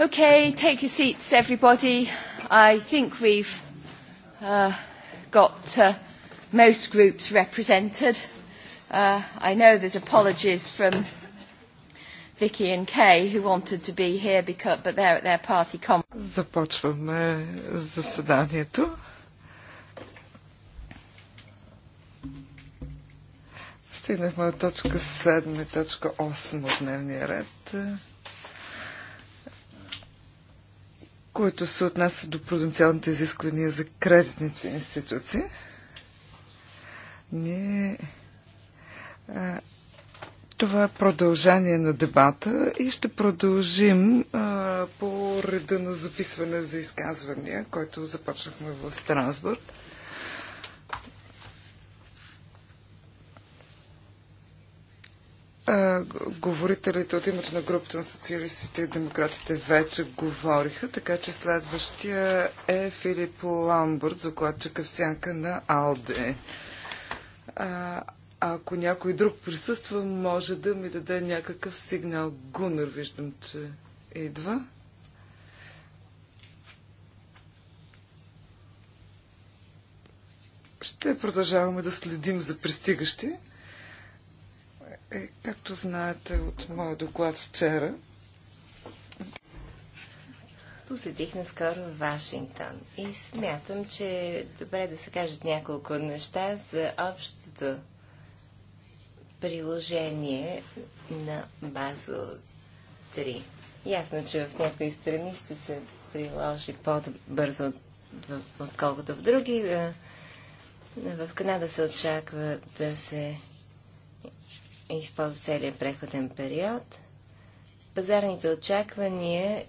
Okay. take your seats, everybody. I think we've uh, got uh, most groups represented. Uh, I know there's apologies from Vicky and Kay who wanted to be here because, but they're at their party conference. Започваме заседанието. Стигнахме от точка 7 и точка 8 от дневния ред, които се отнасят до потенциалните изисквания за кредитните институции. Ние това е продължение на дебата и ще продължим а, по реда на записване за изказвания, който започнахме в Страсбург. а, говорителите от името на групата на социалистите и демократите вече говориха, така че следващия е Филип Ламбърт, закладчика в сянка на Алде. А, ако някой друг присъства, може да ми даде някакъв сигнал. Гунър виждам, че идва. Ще продължаваме да следим за пристигащи. Е, както знаете от моя доклад вчера, посетих наскоро Вашингтон и смятам, че е добре да се кажат няколко неща за общото приложение на Базел 3. Ясно, че в някои страни ще се приложи по-бързо, отколкото в други. Е, в Канада се очаква да се е използва целият преходен период. Пазарните очаквания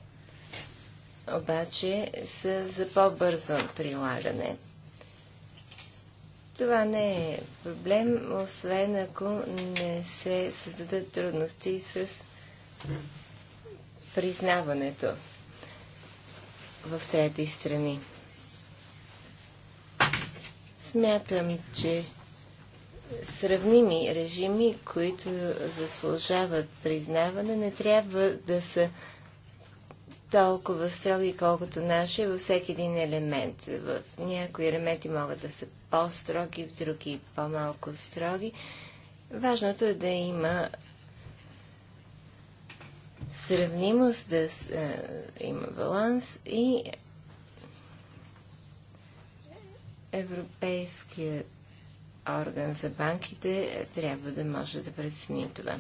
обаче са за по-бързо прилагане. Това не е проблем, освен ако не се създадат трудности с признаването в трети страни. Смятам, че сравними режими, които заслужават признаване, не трябва да са толкова строги, колкото наши във всеки един елемент. В някои елементи могат да са по-строги, в други по-малко строги. Важното е да има сравнимост, да е, има баланс и Европейският орган за банките трябва да може да прецени това.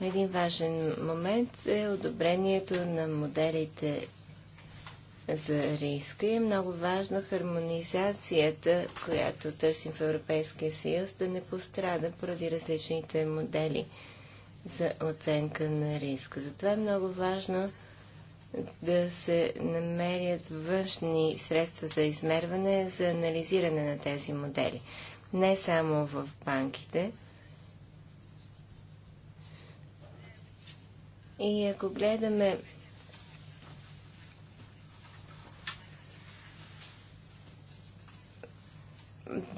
Един важен момент е одобрението на моделите за риска и е много важно хармонизацията, която търсим в Европейския съюз, да не пострада поради различните модели за оценка на риска. Затова е много важно да се намерят външни средства за измерване, за анализиране на тези модели. Не само в банките. И ако гледаме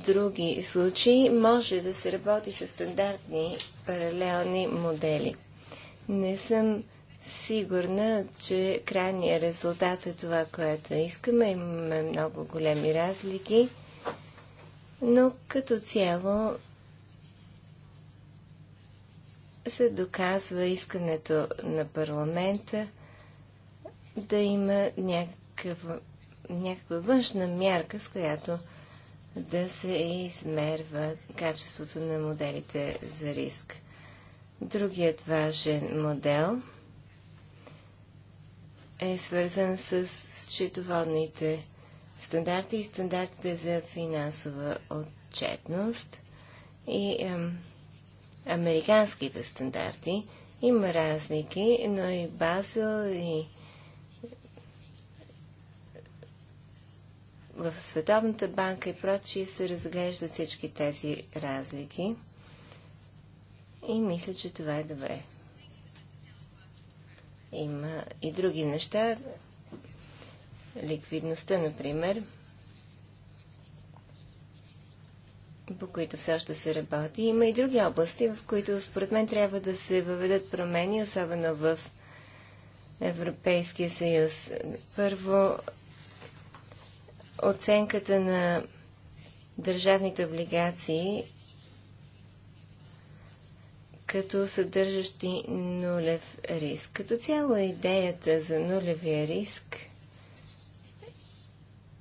други случаи, може да се работи с стандартни паралелни модели. Не съм сигурна, че крайният резултат е това, което искаме. Имаме много големи разлики, но като цяло се доказва искането на парламента да има някаква, някаква външна мярка, с която да се измерва качеството на моделите за риск. Другият важен модел – е свързан с счетоводните стандарти и стандартите за финансова отчетност и ем, американските стандарти. Има разлики, но и Базел и в Световната банка и прочие се разглеждат всички тези разлики. И мисля, че това е добре. Има и други неща. Ликвидността, например, по които все още се работи. Има и други области, в които според мен трябва да се въведат промени, особено в Европейския съюз. Първо, оценката на държавните облигации като съдържащи нулев риск. Като цяло идеята за нулевия риск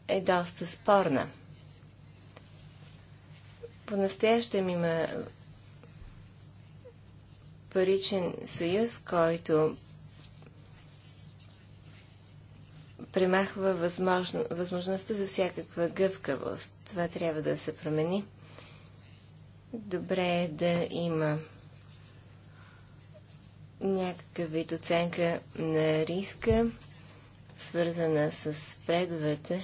е доста спорна. По-настоящем има паричен съюз, който премахва възможно, възможността за всякаква гъвкавост. Това трябва да се промени. Добре е да има някакъв вид оценка на риска, свързана с предовете.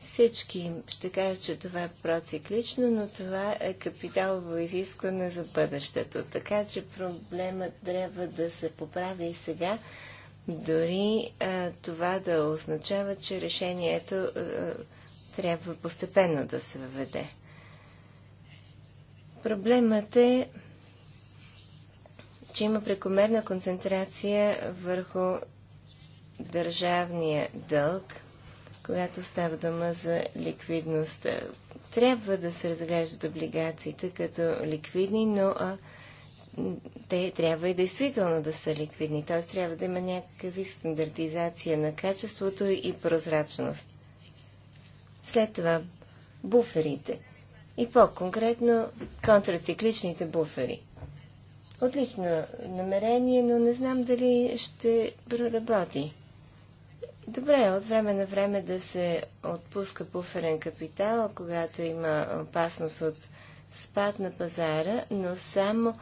Всички ще кажат, че това е проциклично, но това е капиталово изискване за бъдещето. Така че проблемът трябва да се поправи и сега, дори а, това да означава, че решението а, трябва постепенно да се въведе. Проблемът е че има прекомерна концентрация върху държавния дълг, когато става дума за ликвидност. Трябва да се разглеждат облигациите като ликвидни, но а, те трябва и действително да са ликвидни. Т.е. трябва да има някакви стандартизация на качеството и прозрачност. След това буферите. И по-конкретно контрацикличните буфери отлично намерение, но не знам дали ще проработи. Добре, от време на време да се отпуска буферен капитал, когато има опасност от спад на пазара, но само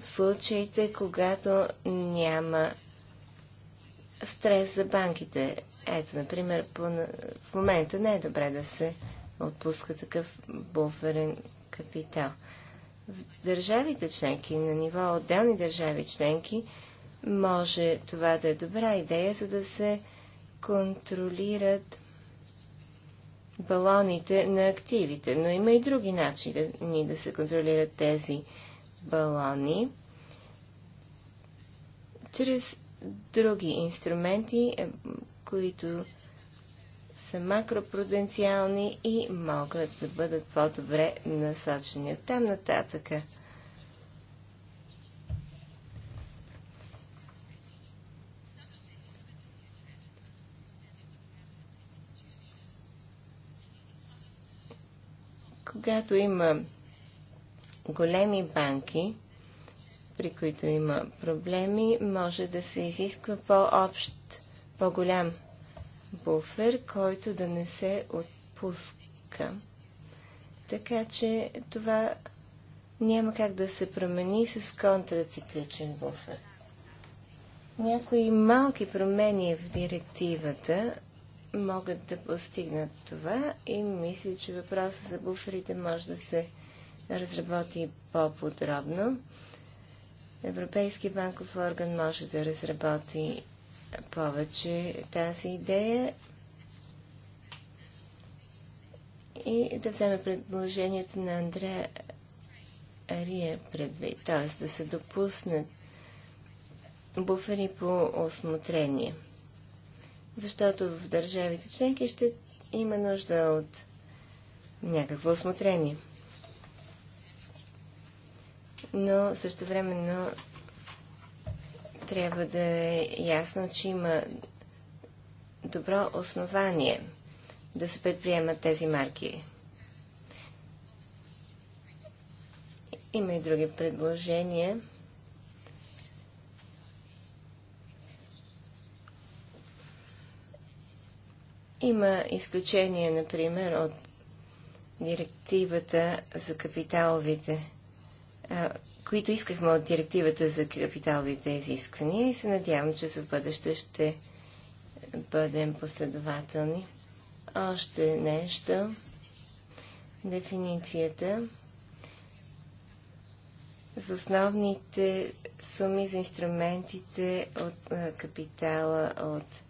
в случаите, когато няма стрес за банките. Ето, например, по, в момента не е добре да се отпуска такъв буферен капитал в държавите членки, на ниво отделни държави членки, може това да е добра идея, за да се контролират балоните на активите. Но има и други начини да се контролират тези балони. Чрез други инструменти, е, които са макропруденциални и могат да бъдат по-добре насочени от там нататъка. Когато има големи банки, при които има проблеми, може да се изисква по-общ, по-голям буфер, който да не се отпуска. Така че това няма как да се промени с контрацикличен буфер. Някои малки промени в директивата могат да постигнат това и мисля, че въпросът за буферите може да се разработи по-подробно. Европейски банков орган може да разработи повече тази идея и да вземе предложението на Андрея Ария предвид, т.е. да се допуснат буфери по осмотрение. Защото в държавите членки ще има нужда от някакво осмотрение. Но също времено трябва да е ясно, че има добро основание да се предприемат тези марки. Има и други предложения. Има изключение, например, от директивата за капиталовите, които искахме от директивата за капиталовите изисквания и се надявам, че за бъдеще ще бъдем последователни. Още нещо. Дефиницията за основните суми за инструментите от капитала от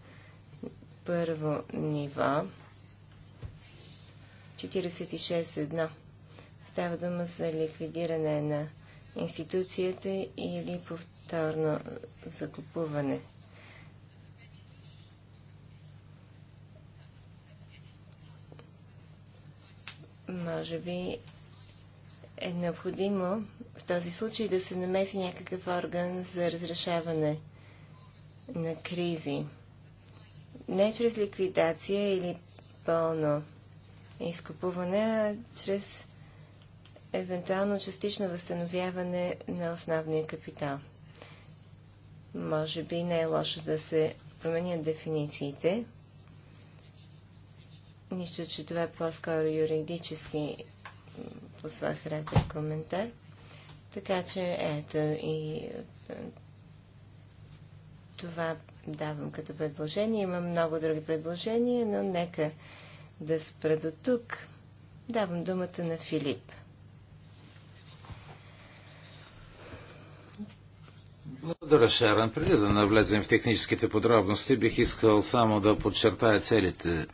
първо ниво. 46.1. Става дума за ликвидиране на институцията или повторно закупуване. Може би е необходимо в този случай да се намеси някакъв орган за разрешаване на кризи. Не чрез ликвидация или пълно изкупуване, а чрез евентуално частично възстановяване на основния капитал. Може би не е лошо да се променят дефинициите. Нищо, че това е по-скоро юридически по своя характер коментар. Така че ето и е, това давам като предложение. Имам много други предложения, но нека да спра до тук. Давам думата на Филип. Благодаря, Шаран. Преди да навлезем в техническите подробности, бих искал само да подчертая целите,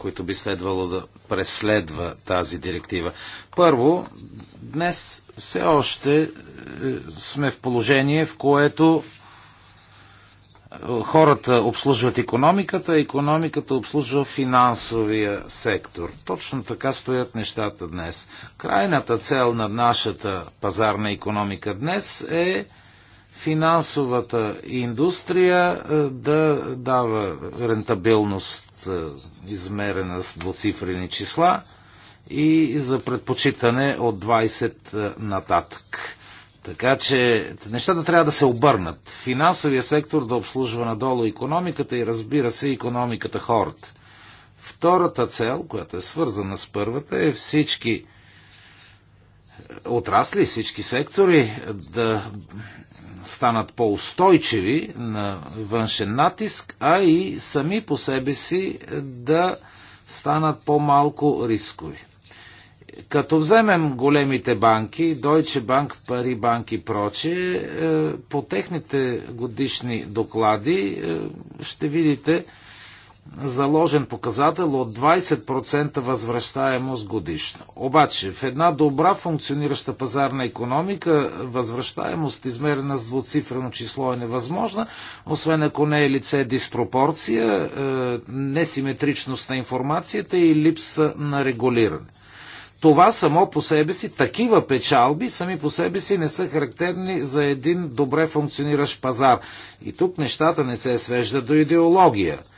които би следвало да преследва тази директива. Първо, днес все още е, сме в положение, в което е, хората обслужват економиката, а економиката обслужва финансовия сектор. Точно така стоят нещата днес. Крайната цел на нашата пазарна економика днес е финансовата индустрия е, да дава рентабилност, е, измерена с двуцифрени числа, и за предпочитане от 20 е, нататък. Така че нещата трябва да се обърнат. Финансовия сектор да обслужва надолу економиката и разбира се економиката хората. Втората цел, която е свързана с първата, е всички отрасли, всички сектори да станат по-устойчиви на външен натиск, а и сами по себе си да станат по-малко рискови. Като вземем големите банки, Deutsche Bank, Банк и прочие, е, по техните годишни доклади е, ще видите, заложен показател от 20% възвръщаемост годишно. Обаче, в една добра функционираща пазарна економика, възвръщаемост, измерена с двуцифрено число, е невъзможна, освен ако не е лице диспропорция, е, несиметричност на информацията и липса на регулиране. Това само по себе си, такива печалби сами по себе си не са характерни за един добре функциониращ пазар. И тук нещата не се свежда до идеология –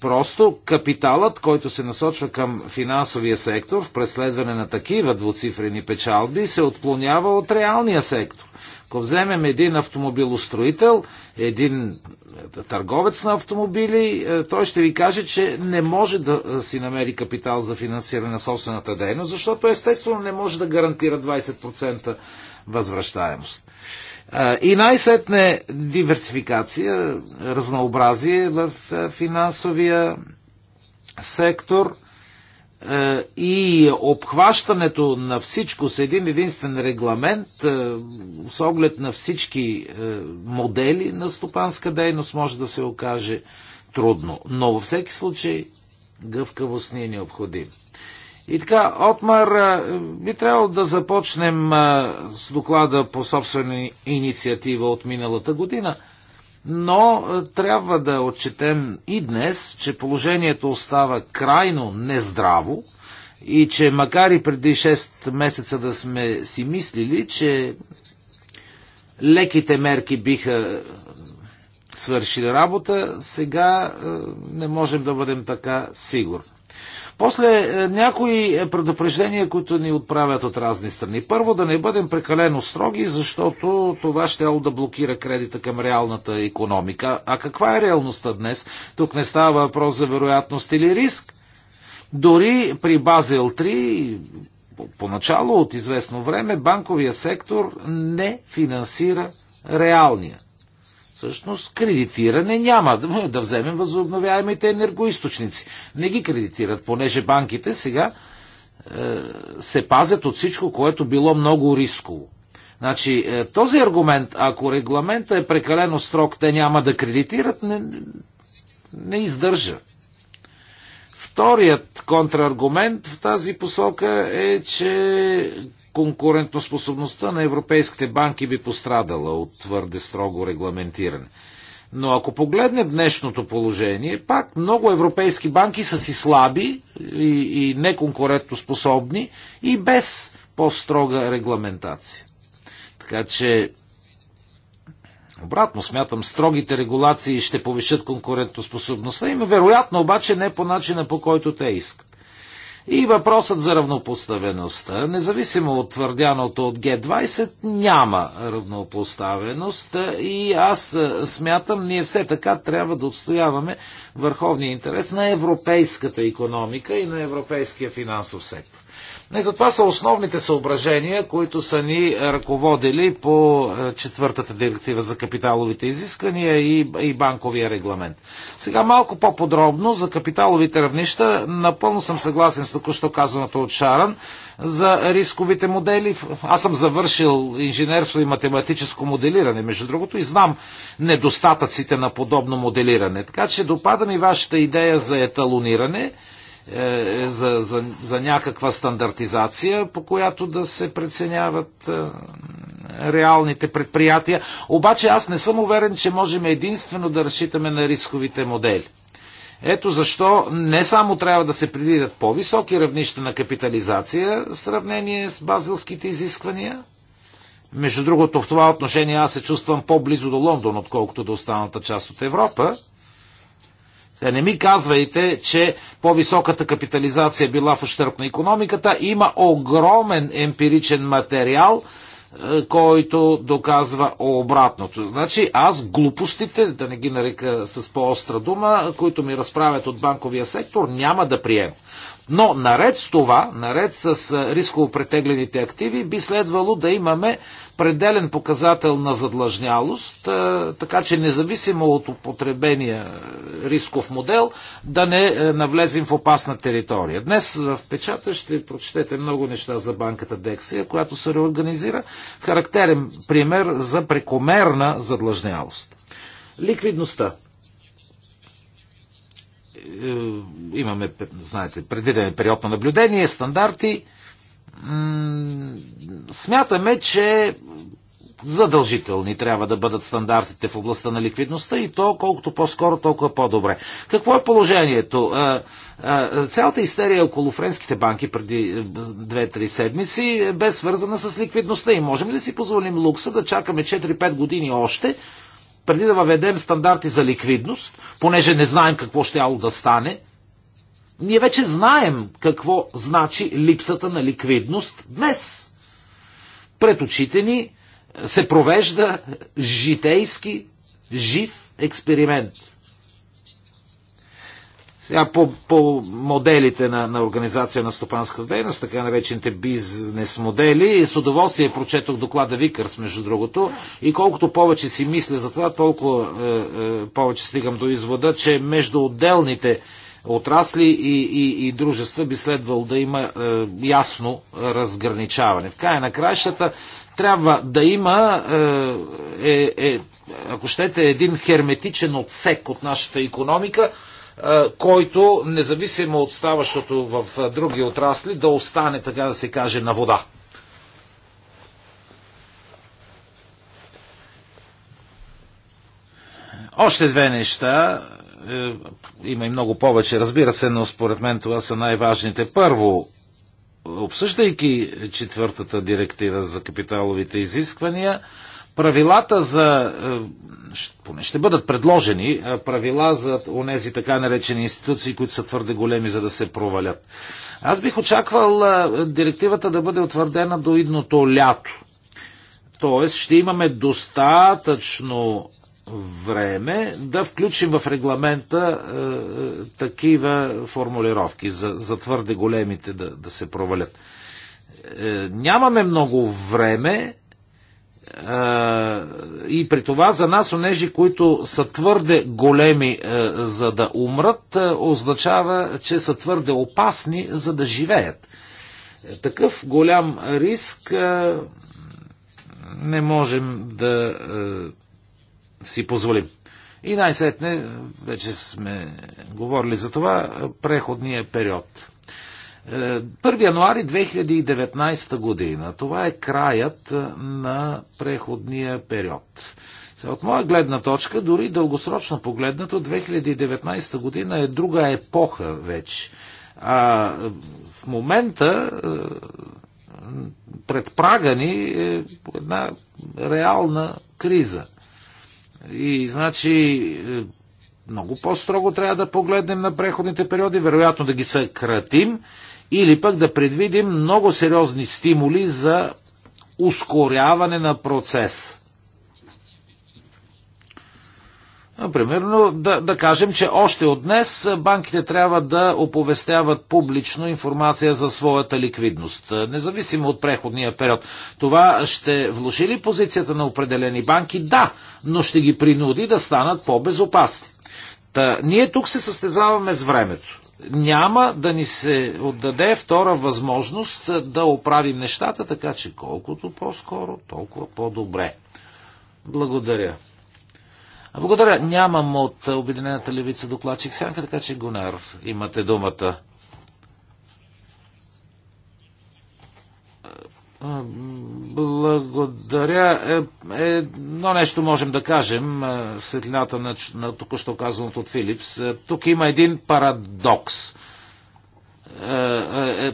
Просто капиталът, който се насочва към финансовия сектор в преследване на такива двуцифрени печалби, се отклонява от реалния сектор. Ако вземем един автомобилостроител, един е, търговец на автомобили, е, той ще ви каже, че не може да е, си намери капитал за финансиране на собствената дейност, защото естествено не може да гарантира 20% възвръщаемост. И най-сетне диверсификация, разнообразие в финансовия сектор и обхващането на всичко с един единствен регламент с оглед на всички модели на стопанска дейност може да се окаже трудно. Но във всеки случай гъвкавост ни е необходима. И така, Отмар, би трябвало да започнем с доклада по собствена инициатива от миналата година, но трябва да отчетем и днес, че положението остава крайно нездраво и че макар и преди 6 месеца да сме си мислили, че леките мерки биха свършили работа, сега не можем да бъдем така сигурни. После е, някои е, предупреждения, които ни отправят от разни страни. Първо, да не бъдем прекалено строги, защото това ще да блокира кредита към реалната економика. А каква е реалността днес? Тук не става въпрос за вероятност или риск. Дори при Базел 3, поначало от известно време, банковия сектор не финансира реалния Всъщност кредитиране няма. Да вземем възобновяемите енергоисточници. Не ги кредитират, понеже банките сега е, се пазят от всичко, което било много рисково. Значи, е, този аргумент, ако регламента е прекалено строг, те няма да кредитират, не, не издържа. Вторият контраргумент в тази посока е, че конкурентоспособността на европейските банки би пострадала от твърде строго регламентиране. Но ако погледнем днешното положение, пак много европейски банки са си слаби и, и неконкурентоспособни и без по-строга регламентация. Така че, обратно смятам, строгите регулации ще повишат конкурентоспособността им, вероятно обаче не по начина по който те искат. И въпросът за равнопоставеността. Независимо от твърдяното от Г20, няма равнопоставеност и аз е, смятам, ние все така трябва да отстояваме върховния интерес на европейската економика и на европейския финансов сектор. Ето това са основните съображения, които са ни ръководили по е, четвъртата директива за капиталовите изисквания и, и банковия регламент. Сега малко по-подробно за капиталовите равнища. Напълно съм съгласен с току-що казаното от Шаран за рисковите модели. Аз съм завършил инженерство и математическо моделиране, между другото, и знам недостатъците на подобно моделиране. Така че допада ми вашата идея за еталониране – е, за, за, за някаква стандартизация, по която да се преценяват е, реалните предприятия. Обаче аз не съм уверен, че можем единствено да разчитаме на рисковите модели. Ето защо не само трябва да се предвидят по-високи равнища на капитализация в сравнение с базилските изисквания. Между другото, в това отношение аз се чувствам по-близо до Лондон, отколкото до останалата част от Европа. Е, не ми казвайте, че по-високата капитализация била в ущърп на економиката. Има огромен емпиричен материал, е, който доказва обратното. Значи аз глупостите, да не ги нарека с по-остра дума, които ми разправят от банковия сектор, няма да приема. Но наред с това, наред с рисково претеглените активи, би следвало да имаме пределен показател на задлъжнялост, така че независимо от употребения рисков модел, да не навлезем в опасна територия. Днес в печата ще прочетете много неща за банката Дексия, която се реорганизира. Характерен пример за прекомерна задлъжнялост. Ликвидността. Е, имаме, знаете, предвиден е период на наблюдение, стандарти. Смятаме, че задължителни трябва да бъдат стандартите в областта на ликвидността и то колкото по-скоро, толкова по-добре. Какво е положението? Е, цялата истерия около френските банки преди 2-3 седмици бе свързана с ликвидността и можем ли да си позволим лукса да чакаме 4-5 години още, преди да въведем стандарти за ликвидност, понеже не знаем какво ще да стане, ние вече знаем какво значи липсата на ликвидност днес. Пред очите ни се провежда житейски жив експеримент – сега по, по моделите на, на организация на стопанската дейност, така наречените бизнес модели, и с удоволствие прочетох доклада Викърс, между другото, и колкото повече си мисля за това, толкова е, е, повече стигам до извода, че между отделните отрасли и, и, и дружества би следвало да има е, ясно разграничаване. В края на краищата трябва да има, е, е, е ако щете, един херметичен отсек от нашата економика, който, независимо от ставащото в други отрасли, да остане, така да се каже, на вода. Още две неща. Е, има и много повече, разбира се, но според мен това са най-важните. Първо, обсъждайки четвъртата директива за капиталовите изисквания, Правилата за е, поне ще бъдат предложени е, правила за онези така наречени институции, които са твърде големи, за да се провалят. Аз бих очаквал е, директивата да бъде утвърдена до идното лято. Тоест ще имаме достатъчно време да включим в регламента е, такива формулировки за, за твърде големите да, да се провалят. Е, нямаме много време, и при това за нас, онежи, които са твърде големи е, за да умрат, е, означава, че са твърде опасни за да живеят. Е, такъв голям риск не можем да си позволим. И най-сетне, вече сме говорили за това, преходния период. 1 януари 2019 година. Това е краят на преходния период. От моя гледна точка, дори дългосрочно погледнато, 2019 година е друга епоха вече. А в момента пред прага ни е една реална криза. И значи е, много по-строго трябва да погледнем на преходните периоди, вероятно да ги съкратим или пък да предвидим много сериозни стимули за ускоряване на процес. Примерно да, да кажем, че още от днес банките трябва да оповестяват публично информация за своята ликвидност, независимо от преходния период. Това ще влуши ли позицията на определени банки? Да, но ще ги принуди да станат по-безопасни. Та, ние тук се състезаваме с времето няма да ни се отдаде втора възможност е, да оправим нещата, така че колкото по-скоро, толкова по-добре. Благодаря. Благодаря. Нямам от Обединената левица докладчик сянка, така че Гунар, имате думата. Благодаря. Е, е, едно нещо можем да кажем е, в светлината на, на току-що казаното от Филипс. Тук има един парадокс.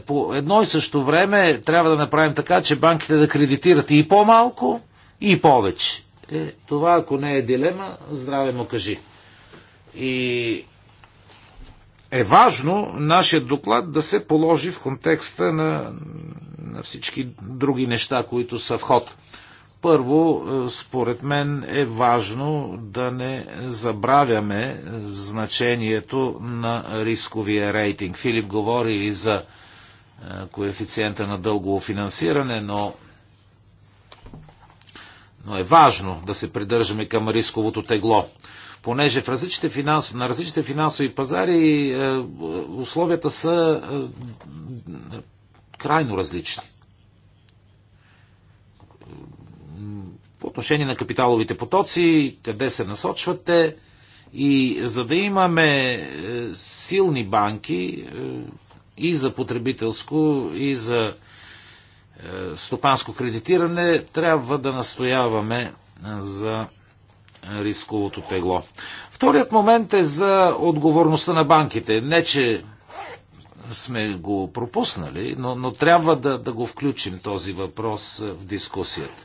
По едно и също време трябва да направим така, че банките да кредитират и по-малко, и повече. Е, това, ако не е дилема, здраве му кажи. И е важно нашия доклад да се положи в контекста на на всички други неща, които са в ход. Първо, е, според мен е важно да не забравяме значението на рисковия рейтинг. Филип говори и за е, коефициента на дългово финансиране, но, но е важно да се придържаме към рисковото тегло. Понеже в различните финанс... на различните финансови пазари е, условията са крайно различни. По отношение на капиталовите потоци, къде се насочвате и за да имаме е, силни банки е, и за потребителско, и за е, стопанско кредитиране, трябва да настояваме за рисковото тегло. Вторият момент е за отговорността на банките. Не, че сме го пропуснали, но, но трябва да, да го включим този въпрос е, в дискусията.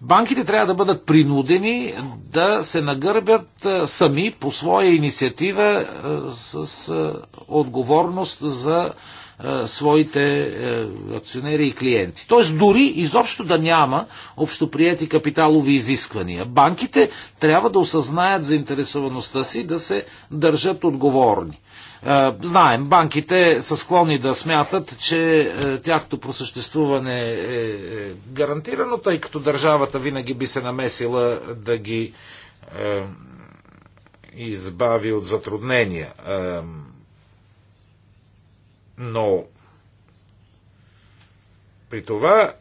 Банките трябва да бъдат принудени да се нагърбят е, сами по своя инициатива е, с отговорност за своите акционери и клиенти. Т.е. дори изобщо да няма общоприяти капиталови изисквания. Банките трябва да осъзнаят заинтересоваността си да се държат отговорни. Знаем, банките са склонни да смятат, че е, тяхното просъществуване е, е гарантирано, тъй като държавата винаги би се намесила да ги е, избави от затруднения. Но при това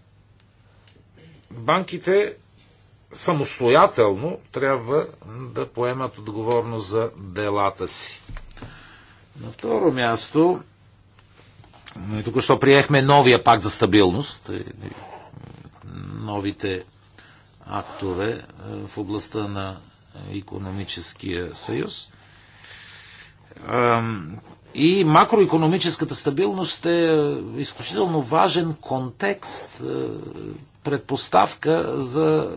банките самостоятелно трябва да поемат отговорност за делата си. На второ място, току-що приехме новия пакт за стабилност, новите актове е, в областта на економическия съюз. И макроекономическата стабилност е, е изключително важен контекст, е, предпоставка за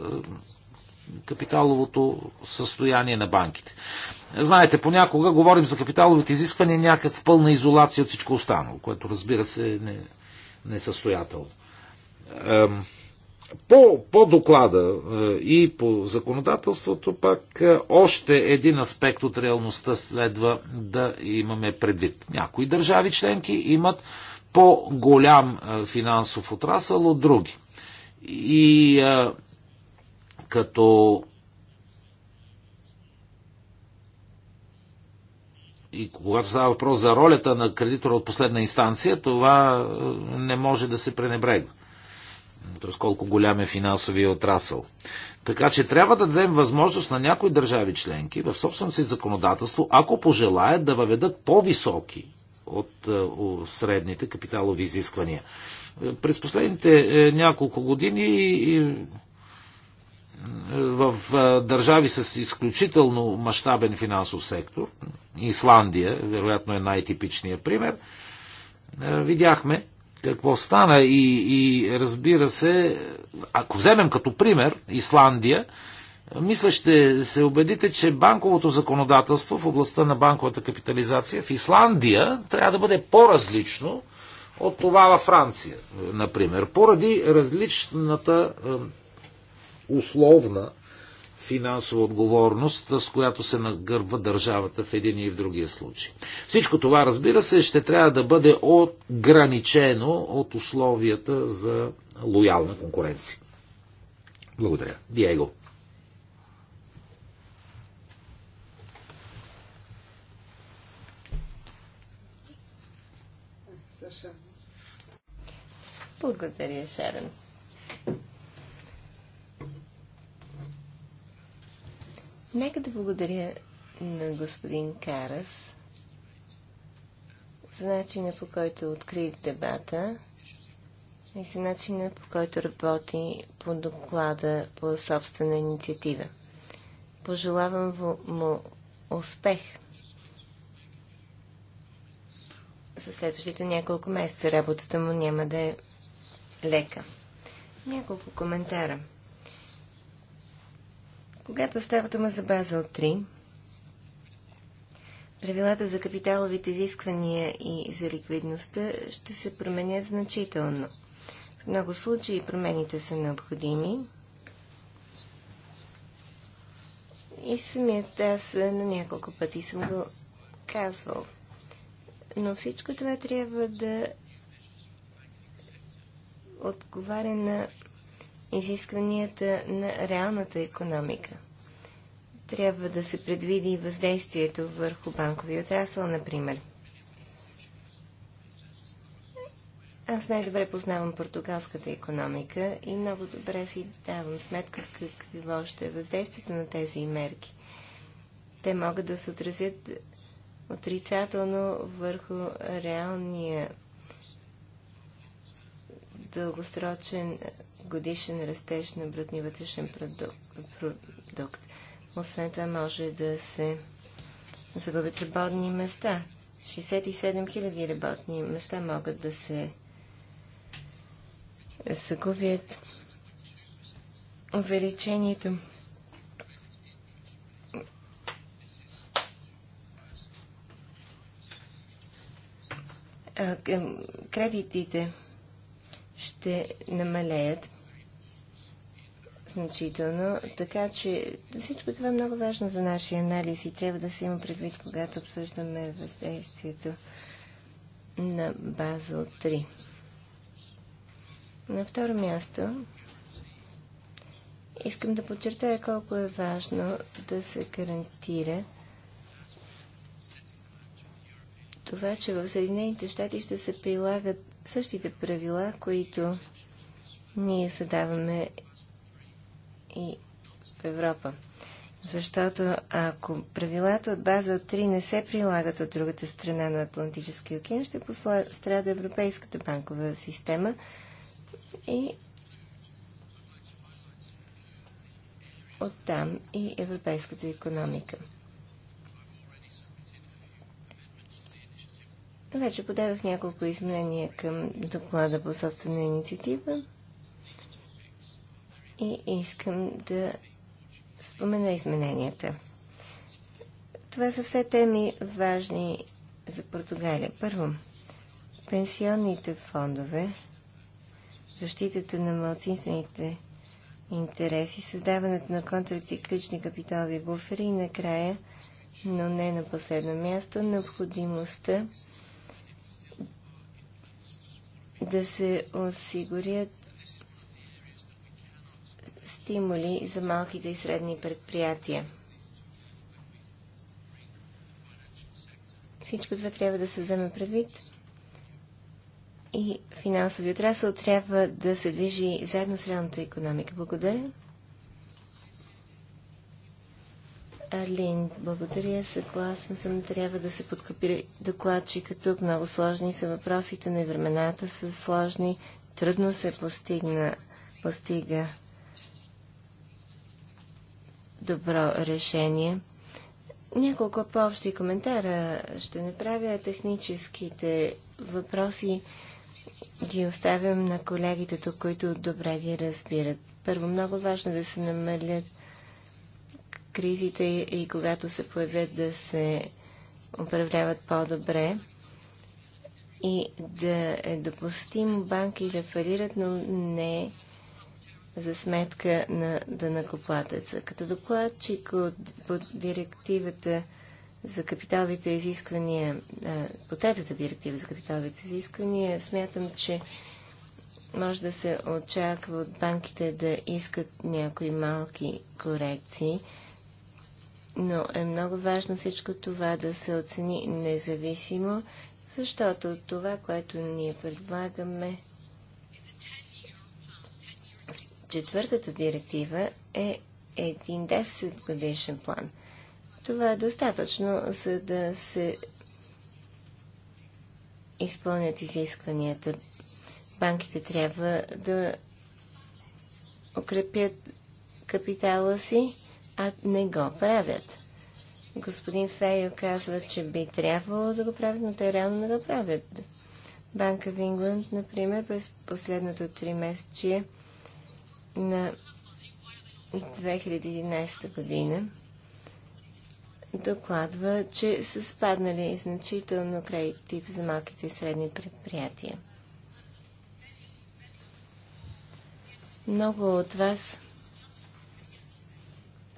капиталовото състояние на банките. Знаете, понякога говорим за капиталовите изисквания някак в пълна изолация от всичко останало, което разбира се не, не, несъстоятелно. По, по доклада е, и по законодателството пак е, още един аспект от реалността следва да имаме предвид. Някои държави членки имат по-голям е, финансов отрасъл от други. И като И когато става въпрос за ролята на кредитора от последна инстанция, това е, не може да се пренебрегва. Тоест колко голям е финансовия отрасъл. Така че трябва да дадем възможност на някои държави членки в собственото си законодателство, ако пожелаят да въведат по-високи от е, средните капиталови изисквания. През последните е, няколко години в държави с изключително мащабен финансов сектор, Исландия, вероятно е най-типичният пример, видяхме какво стана и, и разбира се, ако вземем като пример Исландия, мисля ще се убедите, че банковото законодателство в областта на банковата капитализация в Исландия трябва да бъде по-различно от това във Франция, например, поради различната условна финансова отговорност, с която се нагърбва държавата в един и в другия случай. Всичко това, разбира се, ще трябва да бъде ограничено от условията за лоялна конкуренция. Благодаря. Диего. Благодаря, Шарен. Нека да благодаря на господин Карас за начина по който откри дебата и за начина по който работи по доклада по собствена инициатива. Пожелавам му успех за следващите няколко месеца. Работата му няма да е лека. Няколко коментара. Когато става дума за Базел 3, правилата за капиталовите изисквания и за ликвидността ще се променят значително. В много случаи промените са необходими и самият аз на няколко пъти съм го казвал. Но всичко това трябва да отговаря на изискванията на реалната економика. Трябва да се предвиди въздействието върху банковия отрасъл, например. Аз най-добре познавам португалската економика и много добре си давам сметка какво ще е въздействието на тези мерки. Те могат да се отразят отрицателно върху реалния дългосрочен годишен растеж на брутния вътрешен продукт. Освен това може да се загубят работни места. 67 000 работни места могат да се загубят. Увеличението кредитите ще намалеят значително. Така че всичко това е много важно за нашия анализ и трябва да се има предвид, когато обсъждаме въздействието на Базел 3. На второ място искам да подчертая колко е важно да се гарантира това, че в Съединените щати ще се прилагат същите правила, които ние задаваме и в Европа. Защото ако правилата от база 3 не се прилагат от другата страна на Атлантическия океан, ще пострада Европейската банкова система и оттам и европейската економика. Вече подавах няколко изменения към доклада по собствена инициатива и искам да спомена измененията. Това са все теми важни за Португалия. Първо, пенсионните фондове, защитата на малцинствените интереси, създаването на контрациклични капиталови буфери и накрая, но не на последно място, необходимостта да се осигурят стимули за малките и средни предприятия. Всичко това трябва да се вземе предвид и финансови отрасъл трябва да се движи заедно с реалната економика. Благодаря. Алин, благодаря. Съгласна съм, трябва да се подкрепи докладчика тук. Много сложни са въпросите, на времената са сложни. Трудно се постигна, постига добро решение. Няколко по-общи коментара ще направя. Техническите въпроси ги оставям на колегите тук, които добре ги разбират. Първо, много важно да се намалят кризите и когато се появят да се управляват по-добре и да е допустимо банки да фалират, но не за сметка на данакоплатеца. Като докладчик от, по директивата за капиталовите изисквания, по третата директива за капиталовите изисквания, смятам, че може да се очаква от банките да искат някои малки корекции, но е много важно всичко това да се оцени независимо, защото това, което ние предлагаме, четвъртата директива е един 10 годишен план. Това е достатъчно, за да се изпълнят изискванията. Банките трябва да укрепят капитала си, а не го правят. Господин Фейо казва, че би трябвало да го правят, но те реално не го правят. Банка в Ингланд, например, през последното три месече на 2011 година докладва, че са спаднали значително кредитите за малките и средни предприятия. Много от вас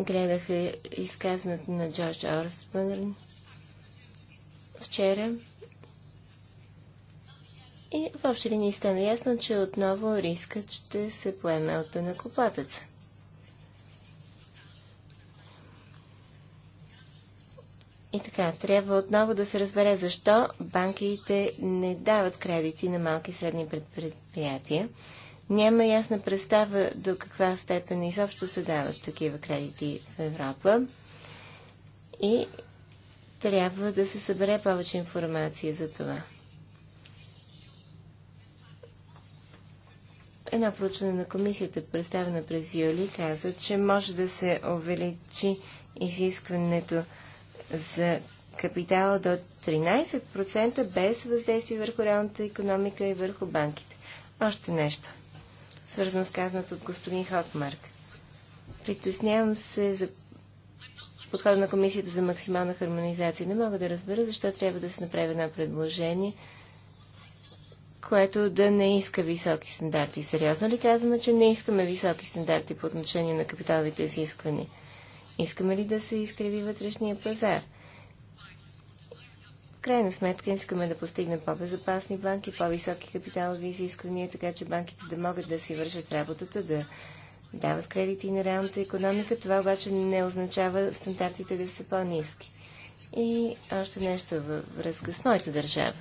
гледаха изказването на Джордж Орсбърн вчера. И въобще ли ни стана ясно, че отново рискът ще се поеме от накоплатеца. И така, трябва отново да се разбере защо банките не дават кредити на малки и средни предприятия. Няма ясна представа до каква степен изобщо се дават такива кредити в Европа. И трябва да се събере повече информация за това. Едно проучване на комисията, представена през юли, каза, че може да се увеличи изискването за капитала до 13% без въздействие върху реалната економика и върху банките. Още нещо, свързано с казаното от господин Хотмарк. Притеснявам се за подхода на комисията за максимална хармонизация. Не мога да разбера защо трябва да се направи едно предложение – което да не иска високи стандарти. Сериозно ли казваме, че не искаме високи стандарти по отношение на капиталовите изисквания? Искаме ли да се изкриви вътрешния пазар? В крайна сметка искаме да постигнем по-безопасни банки, по-високи капиталови изисквания, така че банките да могат да си вършат работата, да дават кредити на реалната економика. Това обаче не означава стандартите да са по-низки. И още нещо във връзка с моята държава.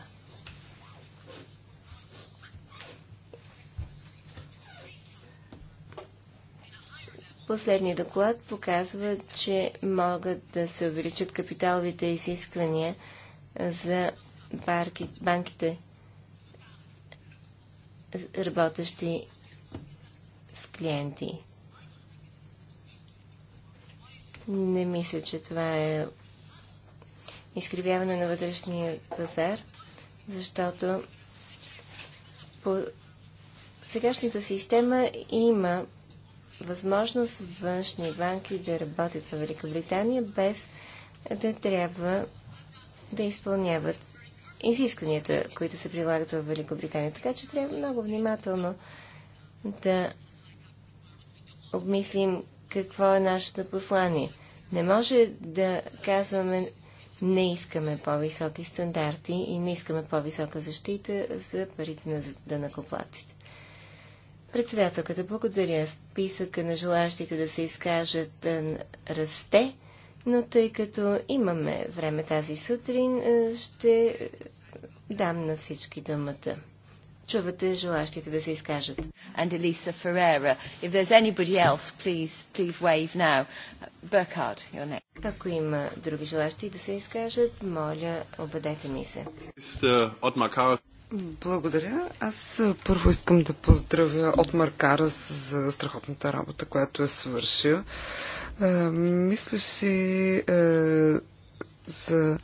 Последният доклад показва, че могат да се увеличат капиталовите изисквания за барки, банките, работещи с клиенти. Не мисля, че това е изкривяване на вътрешния пазар, защото по сегашната система има възможност външни банки да работят в Великобритания без да трябва да изпълняват изискванията, които се прилагат в Великобритания. Така че трябва много внимателно да обмислим какво е нашето послание. Не може да казваме не искаме по-високи стандарти и не искаме по-висока защита за парите на данакоплаците. Председателката, благодаря. Списъка на желащите да се изкажат расте, но тъй като имаме време тази сутрин, ще дам на всички думата. Чувате желащите да се изкажат. And Elisa Ferreira. If there's anybody else, please, please wave now. Burkhard, your next. Ако има други желащи да се изкажат, моля, обадете ми се. Благодаря. Аз първо искам да поздравя от Маркара за страхотната работа, която е свършил. мисля си е, за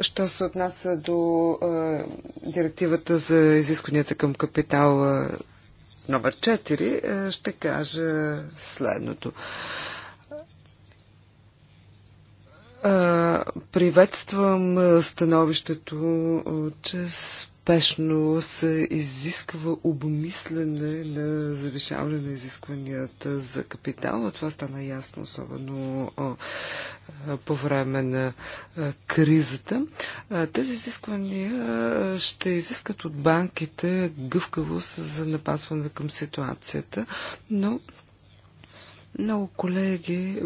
Що се отнася до е, директивата за изискванията към капитала номер 4, ще кажа следното. Е, Приветствам становището, че спешно се изисква обмислене на завишаване на изискванията за капитал. Това стана ясно, особено по време на кризата. Тези изисквания ще изискат от банките гъвкавост за напасване към ситуацията, но много колеги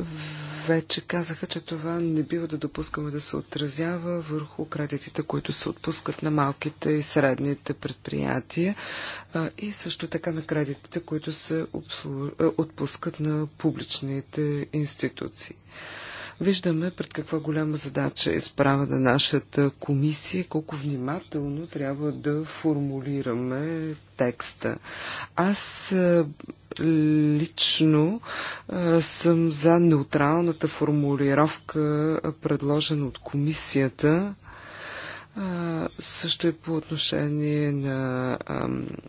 вече казаха, че това не бива да допускаме да се отразява върху кредитите, които се отпускат на малките и средните предприятия и също така на кредитите, които се е, отпускат на публичните институции. Виждаме пред каква голяма задача е справена нашата комисия, колко внимателно трябва да формулираме текста. Аз е, лично е, съм за неутралната формулировка, е, предложена от комисията а, също и е по отношение на а,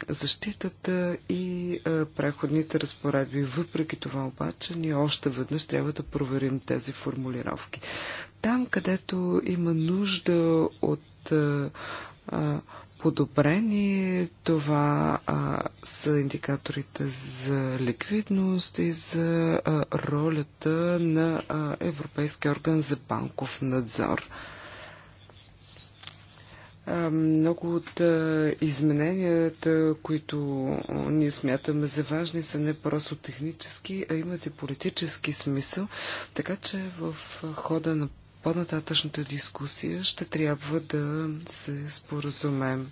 защитата и а, преходните разпоредби. Въпреки това обаче, ние още веднъж трябва да проверим тези формулировки. Там, където има нужда от а, а, подобрение, това а, са индикаторите за ликвидност и за а, ролята на а, Европейския орган за банков надзор. Много от измененията, които ние смятаме за важни, са не просто технически, а имат и политически смисъл. Така че в хода на по-нататъчната дискусия ще трябва да се споразумем.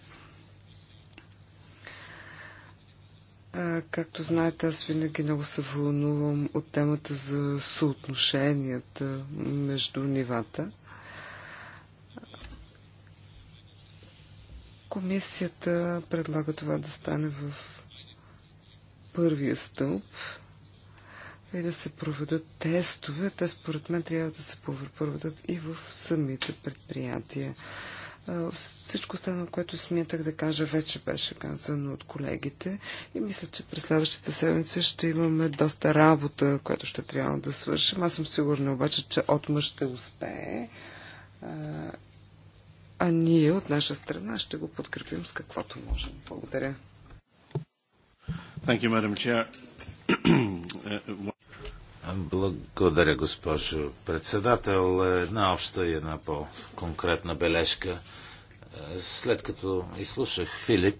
Както знаете, аз винаги много се вълнувам от темата за съотношенията между нивата. Комисията предлага това да стане в първия стълб и да се проведат тестове. Те според мен трябва да се проведат и в самите предприятия. Всичко останало, което смятах да кажа, вече беше казано от колегите и мисля, че през следващите седмици ще имаме доста работа, която ще трябва да свършим. Аз съм сигурна обаче, че отмъж ще успее а ние от наша страна ще го подкрепим с каквото можем. Благодаря. Благодаря, госпожо председател. Една обща и една по-конкретна бележка. След като изслушах Филип,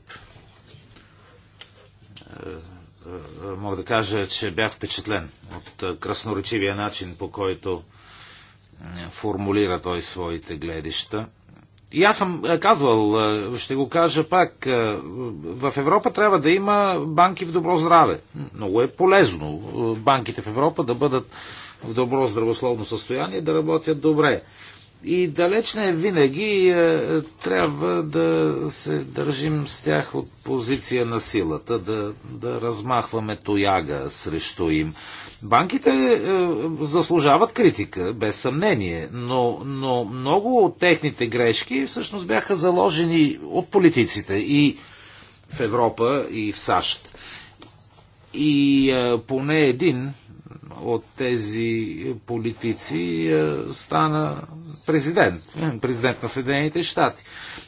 мога да кажа, че бях впечатлен от красноречивия начин, по който формулира той своите гледища. И аз съм е, казвал, е, ще го кажа пак, е, в Европа трябва да има банки в добро здраве. Много е полезно банките в Европа да бъдат в добро здравословно състояние, да работят добре. И далеч не винаги е, трябва да се държим с тях от позиция на силата, да, да размахваме тояга срещу им. Банките е, заслужават критика, без съмнение, но, но много от техните грешки всъщност бяха заложени от политиците и в Европа, и в САЩ. И е, поне един от тези политици е, стана президент, президент на Съединените щати.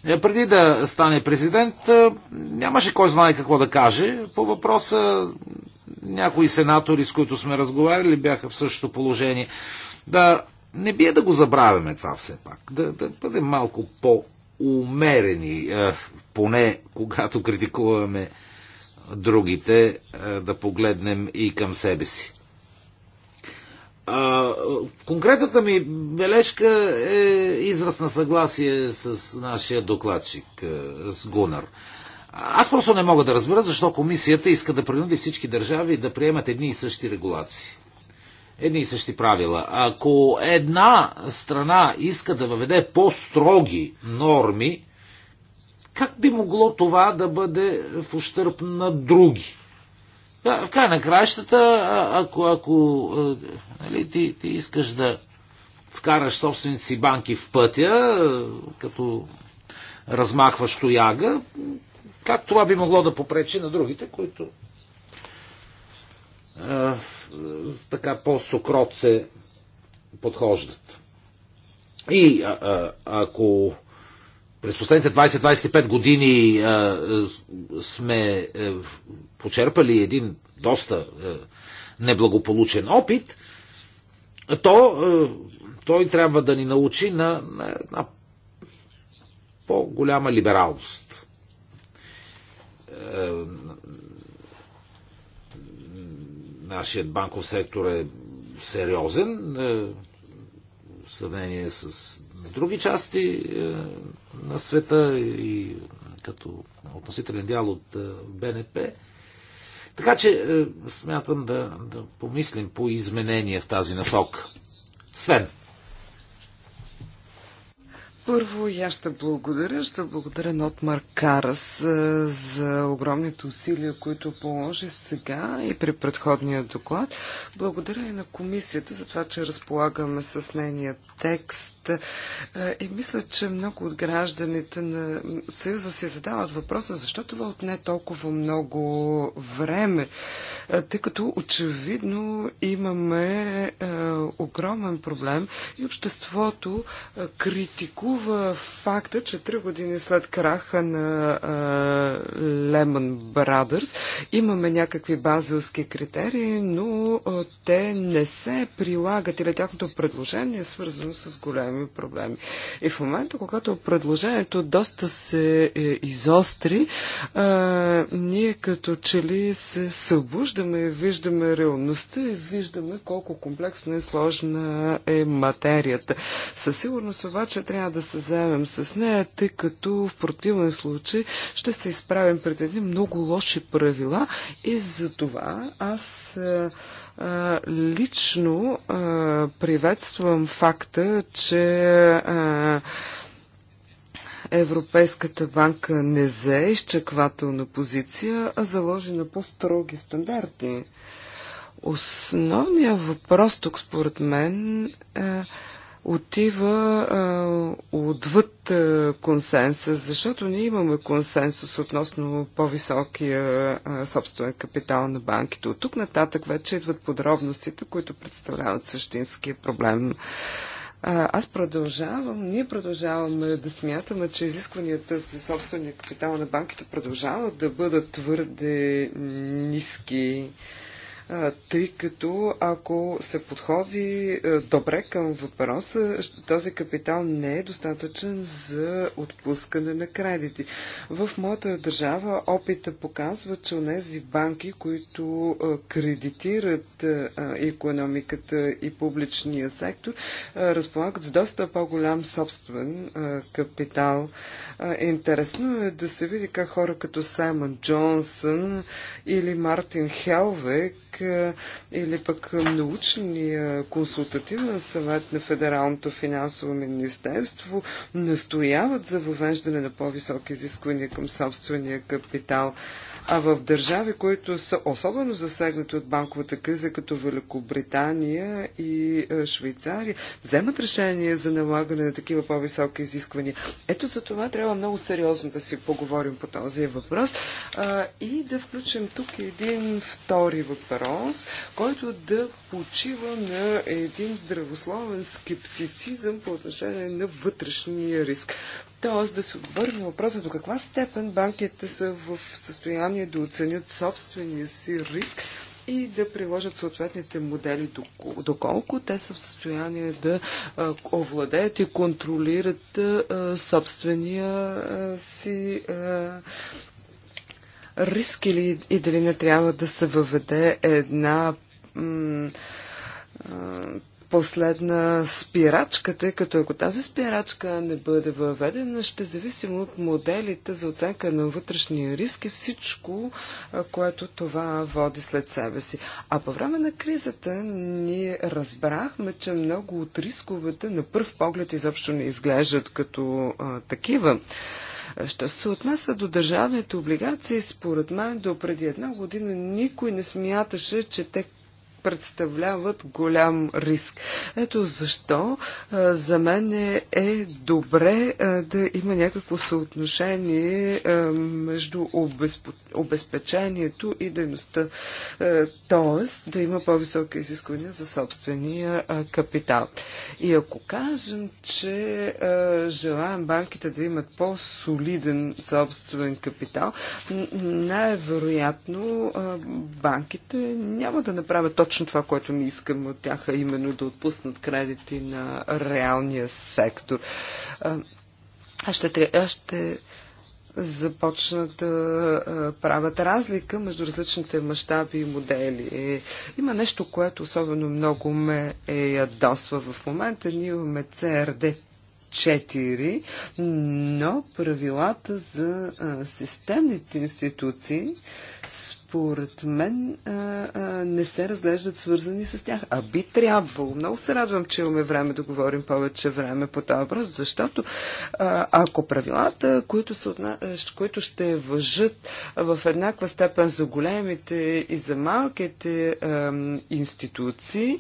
Е, преди да стане президент, е, нямаше кой знае какво да каже. По въпроса някои сенатори, с които сме разговаряли, бяха в същото положение. Да, не бие да го забравяме това все пак. Да, да бъдем малко по-умерени, е, поне когато критикуваме другите, да погледнем и към себе си. А, конкретната ми бележка е израз на съгласие с нашия докладчик, е, с Гунар. Аз просто не мога да разбера защо комисията иска да принуди всички държави да приемат едни и същи регулации. Едни и същи правила. Ако една страна иска да въведе по-строги норми, как би могло това да бъде в ущърп на други? В край на краищата, ако, ако нали, ти, ти искаш да вкараш собствените си банки в пътя, като размахваш яга, как това би могло да попречи на другите, които а, така по-сокрот се подхождат. И а, а, ако през последните 20-25 години а, сме а, е, почерпали един доста а, е, неблагополучен опит, то а, е, той трябва да ни научи на, на, на по-голяма либералност. А, нашият банков сектор е сериозен в сравнение с други части е, на света и като относителен дял от е, БНП. Така че е, смятам да, да помислим по изменения в тази насок. Свен. Първо и аз ще благодаря. Ще благодаря на Отмар Карас за огромните усилия, които положи сега и при предходния доклад. Благодаря и на комисията за това, че разполагаме с нейния текст. И мисля, че много от гражданите на Съюза си задават въпроса, защо това отне толкова много време, тъй като очевидно имаме огромен проблем и обществото критикува вълнува е факта, че три години след краха на а, Lehman Brothers имаме някакви базилски критерии, но а, те не се прилагат или тяхното предложение е свързано с големи проблеми. И в момента, когато предложението доста се е, изостри, а, ние като че ли се събуждаме, виждаме реалността и виждаме колко комплексна и сложна е материята. Със сигурност обаче трябва да се заемем с нея, тъй като в противен случай ще се изправим пред едни много лоши правила и за това аз лично приветствам факта, че Европейската банка не зае изчаквателна позиция, а заложи на по-строги стандарти. Основният въпрос тук, според мен, е отива а, отвъд а, консенсус, защото ние имаме консенсус относно по-високия собствен капитал на банките. От тук нататък вече идват подробностите, които представляват същинския проблем. А, аз продължавам, ние продължаваме да смятаме, че изискванията за собствения капитал на банките продължават да бъдат твърде ниски. А, тъй като ако се подходи добре към въпроса, този капитал не е достатъчен за отпускане на кредити. В моята държава опита показва, че онези банки, които кредитират економиката и публичния сектор, разполагат с доста по-голям собствен капитал. Интересно е да се види как хора като Саймън Джонсън или Мартин Хелвек, е, или пък научния консултативен съвет на Федералното финансово министерство настояват за въвеждане на по-високи изисквания към собствения капитал. А в държави, които са особено засегнати от банковата криза, като Великобритания и е, Швейцария, вземат решение за налагане на такива по-високи изисквания. Ето за това трябва много сериозно да си поговорим по този въпрос а, и да включим тук един втори въпрос, който да почива на един здравословен скептицизъм по отношение на вътрешния риск. Тоест да се обърне въпроса до каква степен банките са в състояние да оценят собствения си риск и да приложат съответните модели, доколко те са в състояние да овладеят и контролират собствения си риск или и дали не трябва да се въведе една последна спирачка, тъй като ако тази спирачка не бъде въведена, ще зависим от моделите за оценка на вътрешния риск и всичко, което това води след себе си. А по време на кризата ние разбрахме, че много от рисковете на пръв поглед изобщо не изглеждат като а, такива. Що се отнася до държавните облигации, според мен до преди една година никой не смяташе, че те представляват голям риск. Ето защо а, за мен е, е добре а, да има някакво съотношение а, между обезпечението и дейността, т.е. да има по-високи изисквания за собствения капитал. И ако кажем, че желаем банките да имат по-солиден собствен капитал, най-вероятно банките няма да направят точно точно това, което ни искаме от тях, а именно да отпуснат кредити на реалния сектор. Аз ще, аз ще започна да правят разлика между различните мащаби и модели. Е, има нещо, което особено много ме е ядосва в момента. Ние имаме CRD 4, но правилата за системните институции според мен а, а, не се разглеждат свързани с тях. А би трябвало. Много се радвам, че имаме време да говорим повече време по този въпрос, защото а, ако правилата, които, са, отна... които ще въжат в еднаква степен за големите и за малките а, институции,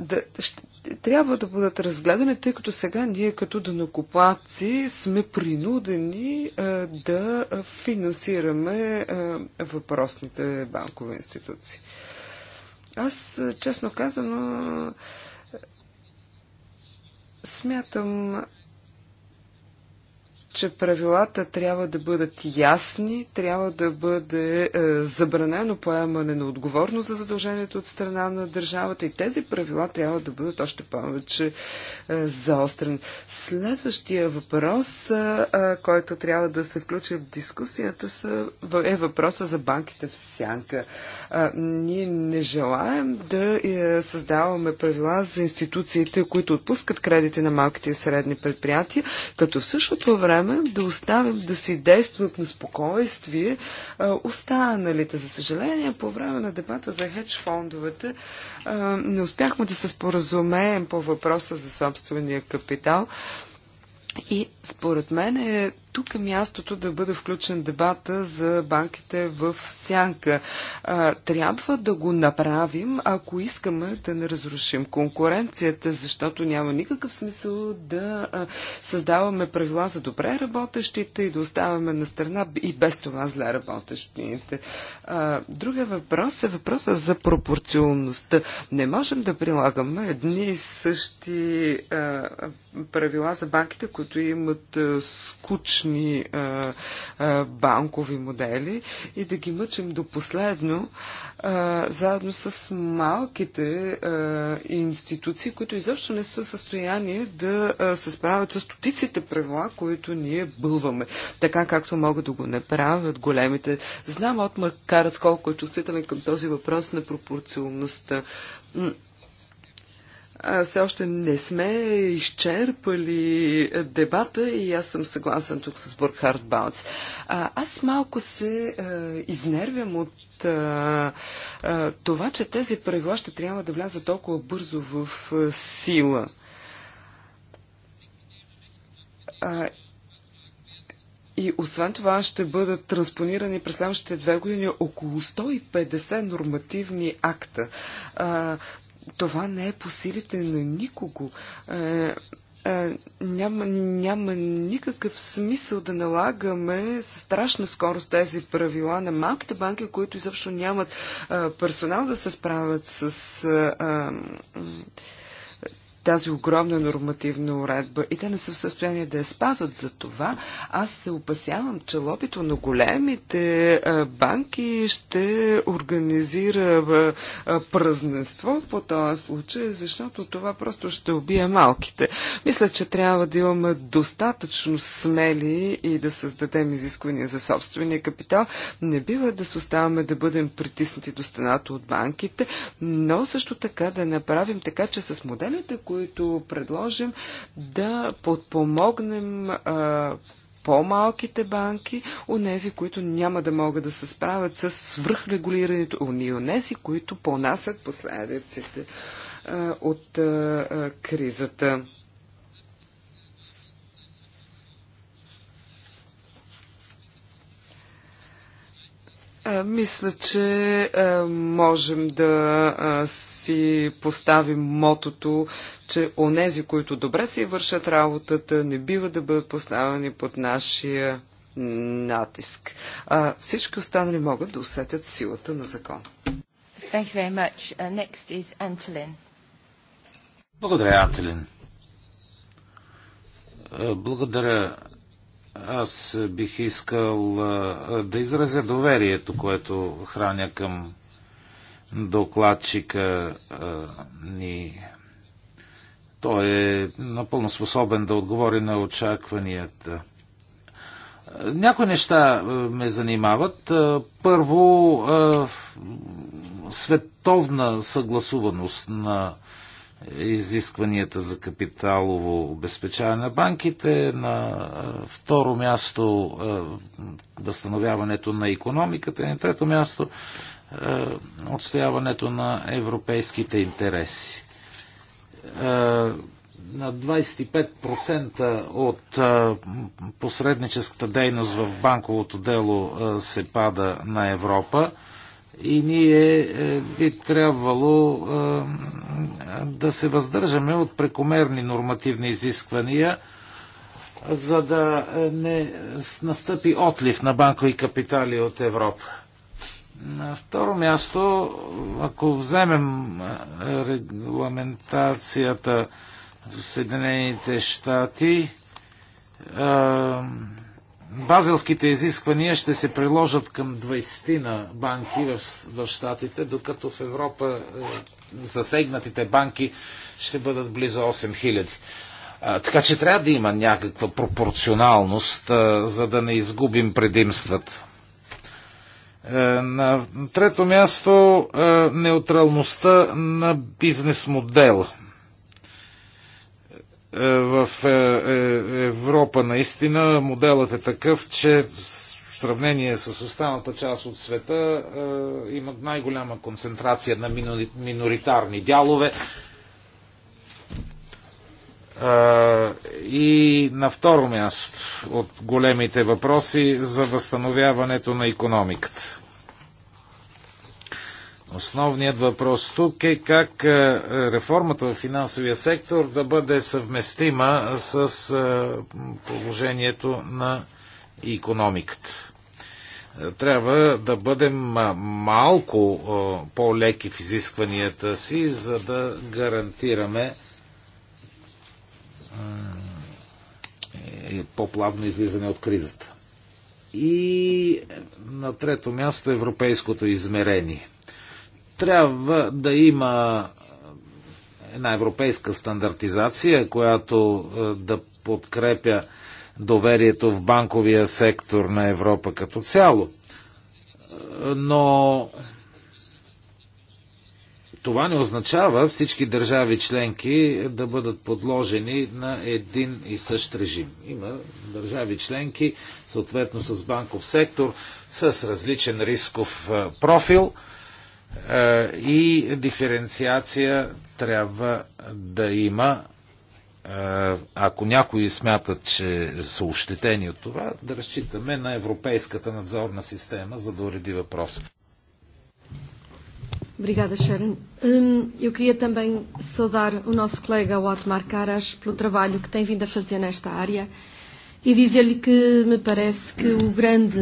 да, ще, трябва да бъдат разгледани, тъй като сега ние като данокопаци сме принудени е, да финансираме е, въпросните банкови институции. Аз, е, честно казано, смятам, че правилата трябва да бъдат ясни, трябва да бъде е, забранено поемане на отговорност за задължението от страна на държавата и тези правила трябва да бъдат още повече е, заострени. Следващия въпрос, е, е, който трябва да се включи в дискусията, са, е въпроса за банките в сянка. Е, ние не желаем да е, създаваме правила за институциите, които отпускат кредити на малките и средни предприятия, като в същото време време да оставим да си действат на спокойствие останалите. За съжаление, по време на дебата за хедж фондовете не успяхме да се споразумеем по въпроса за собствения капитал. И според мен е тук е мястото да бъде включен дебата за банките в сянка. Трябва да го направим, ако искаме да не разрушим конкуренцията, защото няма никакъв смисъл да създаваме правила за добре работещите и да оставяме на страна и без това зле работещите. Другия въпрос е въпроса за пропорционността. Не можем да прилагаме едни и същи правила за банките, които имат скуч различни а, а, банкови модели и да ги мъчим до последно, а, заедно с малките а, институции, които изобщо не са в състояние да а, се справят с стотиците правила, които ние бълваме. Така както могат да го направят големите. Знам от макар колко е чувствителен към този въпрос на пропорционността все още не сме изчерпали дебата и аз съм съгласен тук с Бургхард Баунц. Аз малко се а, изнервям от това, че тези правила ще трябва да влязат толкова бързо в сила. И освен това ще бъдат транспонирани през следващите две години около 150 нормативни акта това не е по силите на никого. Е, е, няма, няма никакъв смисъл да налагаме с страшна скорост тези правила на малките банки, които изобщо нямат е, персонал да се справят с. Е, е, тази огромна нормативна уредба и те не са в състояние да я спазват за това, аз се опасявам, че лобито на големите банки ще организира празненство по този случай, защото това просто ще убие малките. Мисля, че трябва да имаме достатъчно смели и да създадем изисквания за собствения капитал. Не бива да се оставаме да бъдем притиснати до стената от банките, но също така да направим така, че с моделите, които предложим, да подпомогнем по-малките банки, онези, които няма да могат да се справят с свръхрегулирането, и онези, които понасят последиците а, от а, кризата. Мисля, че можем да си поставим мотото, че онези, които добре си вършат работата, не бива да бъдат поставени под нашия натиск. А, всички останали могат да усетят силата на закон. Thank you very much. Uh, next is Antolin. Благодаря, Антелин. Е, благодаря. Аз бих искал е, да изразя доверието, което храня към докладчика е, ни той е напълно способен да отговори на очакванията. Някои неща е, ме занимават. Е, първо, е, световна съгласуваност на изискванията за капиталово обезпечаване на банките, на второ място възстановяването на економиката и на трето място отстояването на европейските интереси. Е, на 25% от е, посредническата дейност в банковото дело е, се пада на Европа и ние би трябвало да се въздържаме от прекомерни нормативни изисквания, за да не настъпи отлив на банкови капитали от Европа. На второ място, ако вземем регламентацията в Съединените щати, базилските изисквания ще се приложат към 20 на банки в, щатите, докато в Европа е, засегнатите банки ще бъдат близо 8000. Така че трябва да има някаква пропорционалност, за да не изгубим предимствата. Е, на трето място е, неутралността на бизнес модел. Е, в Европа наистина моделът е такъв, че в сравнение с останалата част от света имат най-голяма концентрация на миноритарни дялове и на второ място от големите въпроси за възстановяването на економиката. Основният въпрос тук е как реформата в финансовия сектор да бъде съвместима с положението на економиката. Трябва да бъдем малко по-леки в изискванията си, за да гарантираме е, е по-плавно излизане от кризата. И на трето място европейското измерение. Трябва да има е, една европейска стандартизация, която да подкрепя доверието в банковия сектор на Европа като цяло. Но това не означава всички държави членки да бъдат подложени на един и същ режим. Има държави членки, съответно с банков сектор, с различен рисков профил и диференциация трябва да има. Ако някои смятат, че са ощетени от това, да разчитаме на европейската надзорна система, за да уреди въпроса. Obrigada, Sharon. Eu queria também saudar o nosso colega Otmar Caras pelo trabalho que tem vindo a fazer nesta área e dizer-lhe que me parece que o grande,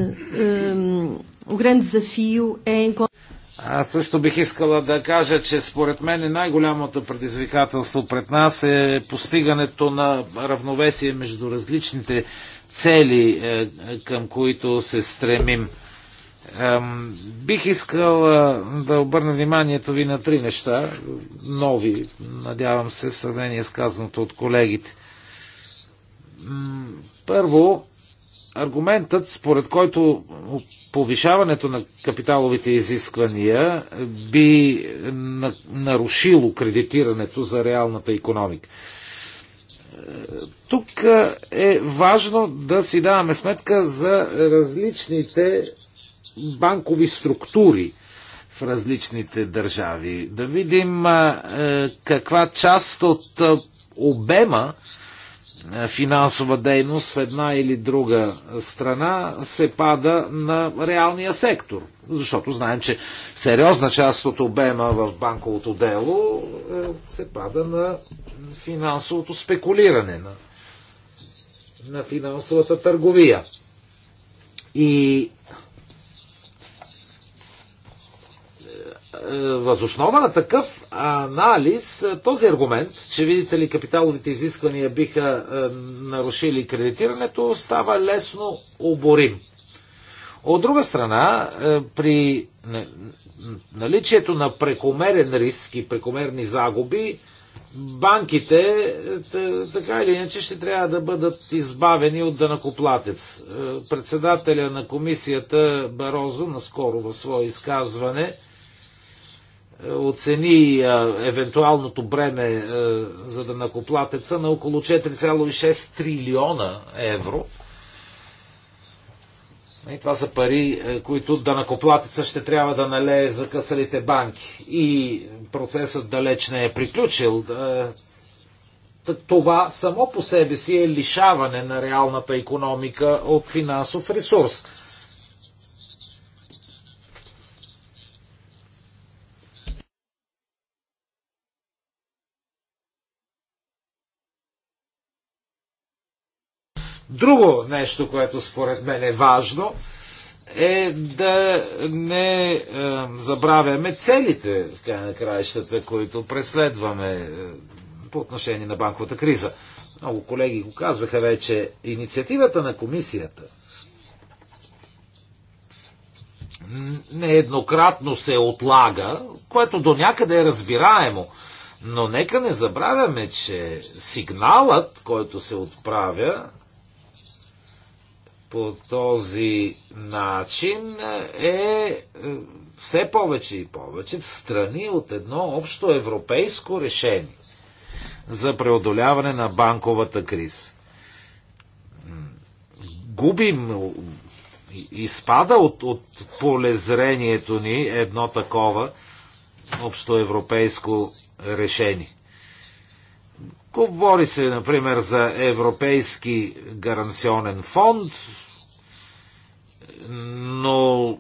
um, o grande desafio é encontrar. Аз също бих искала да кажа, че според мен най-голямото предизвикателство пред нас е постигането на равновесие между различните цели, към които се стремим. Бих искал е, да обърна вниманието ви на три неща, нови, надявам се, в сравнение с казаното от колегите. Първо, аргументът, според който повишаването на капиталовите изисквания би нарушило кредитирането за реалната економика. Тук е, е важно да си даваме сметка за различните банкови структури в различните държави. Да видим е, каква част от е, обема е, финансова дейност в една или друга страна се пада на реалния сектор. Защото знаем, че сериозна част от обема в банковото дело се пада на финансовото спекулиране, на, на финансовата търговия. И Е, възоснова на такъв анализ е, този аргумент, че видите ли капиталовите изисквания биха е, нарушили кредитирането, става лесно оборим. От друга страна, при наличието на прекомерен риск и прекомерни загуби, банките така или иначе ще трябва да бъдат избавени от дънакоплатец. Председателя на комисията Барозо наскоро в свое изказване оцени евентуалното бреме за да накоплатеца на около 4,6 трилиона евро. И това са пари, които данакоплатеца ще трябва да налее за късалите банки. И процесът далеч не е приключил. Това само по себе си е лишаване на реалната економика от финансов ресурс. Друго нещо, което според мен е важно, е да не е, забравяме целите, в края на краищата, които преследваме е, по отношение на банковата криза. Много колеги го казаха вече. Инициативата на комисията нееднократно се отлага, което до някъде е разбираемо. Но нека не забравяме, че сигналът, който се отправя по този начин е, е все повече и повече в страни от едно общо европейско решение за преодоляване на банковата криза. Губим, изпада от, от полезрението ни едно такова общо европейско решение. Говори се, например, за Европейски гаранционен фонд, но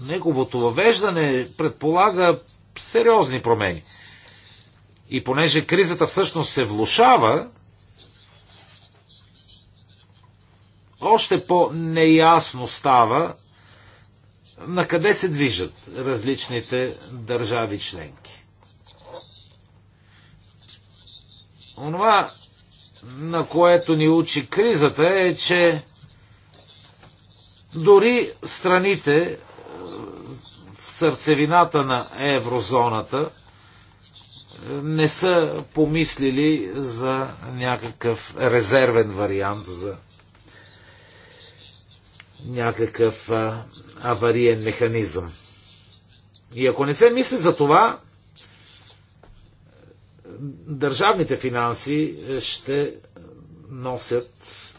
неговото въвеждане предполага сериозни промени. И понеже кризата всъщност се влушава, още по-неясно става на къде се движат различните държави членки. Онова, на което ни учи кризата е, че дори страните е, в сърцевината на еврозоната е, не са помислили за някакъв резервен вариант за някакъв авариен механизъм. И ако не се мисли за това, държавните финанси е, ще носят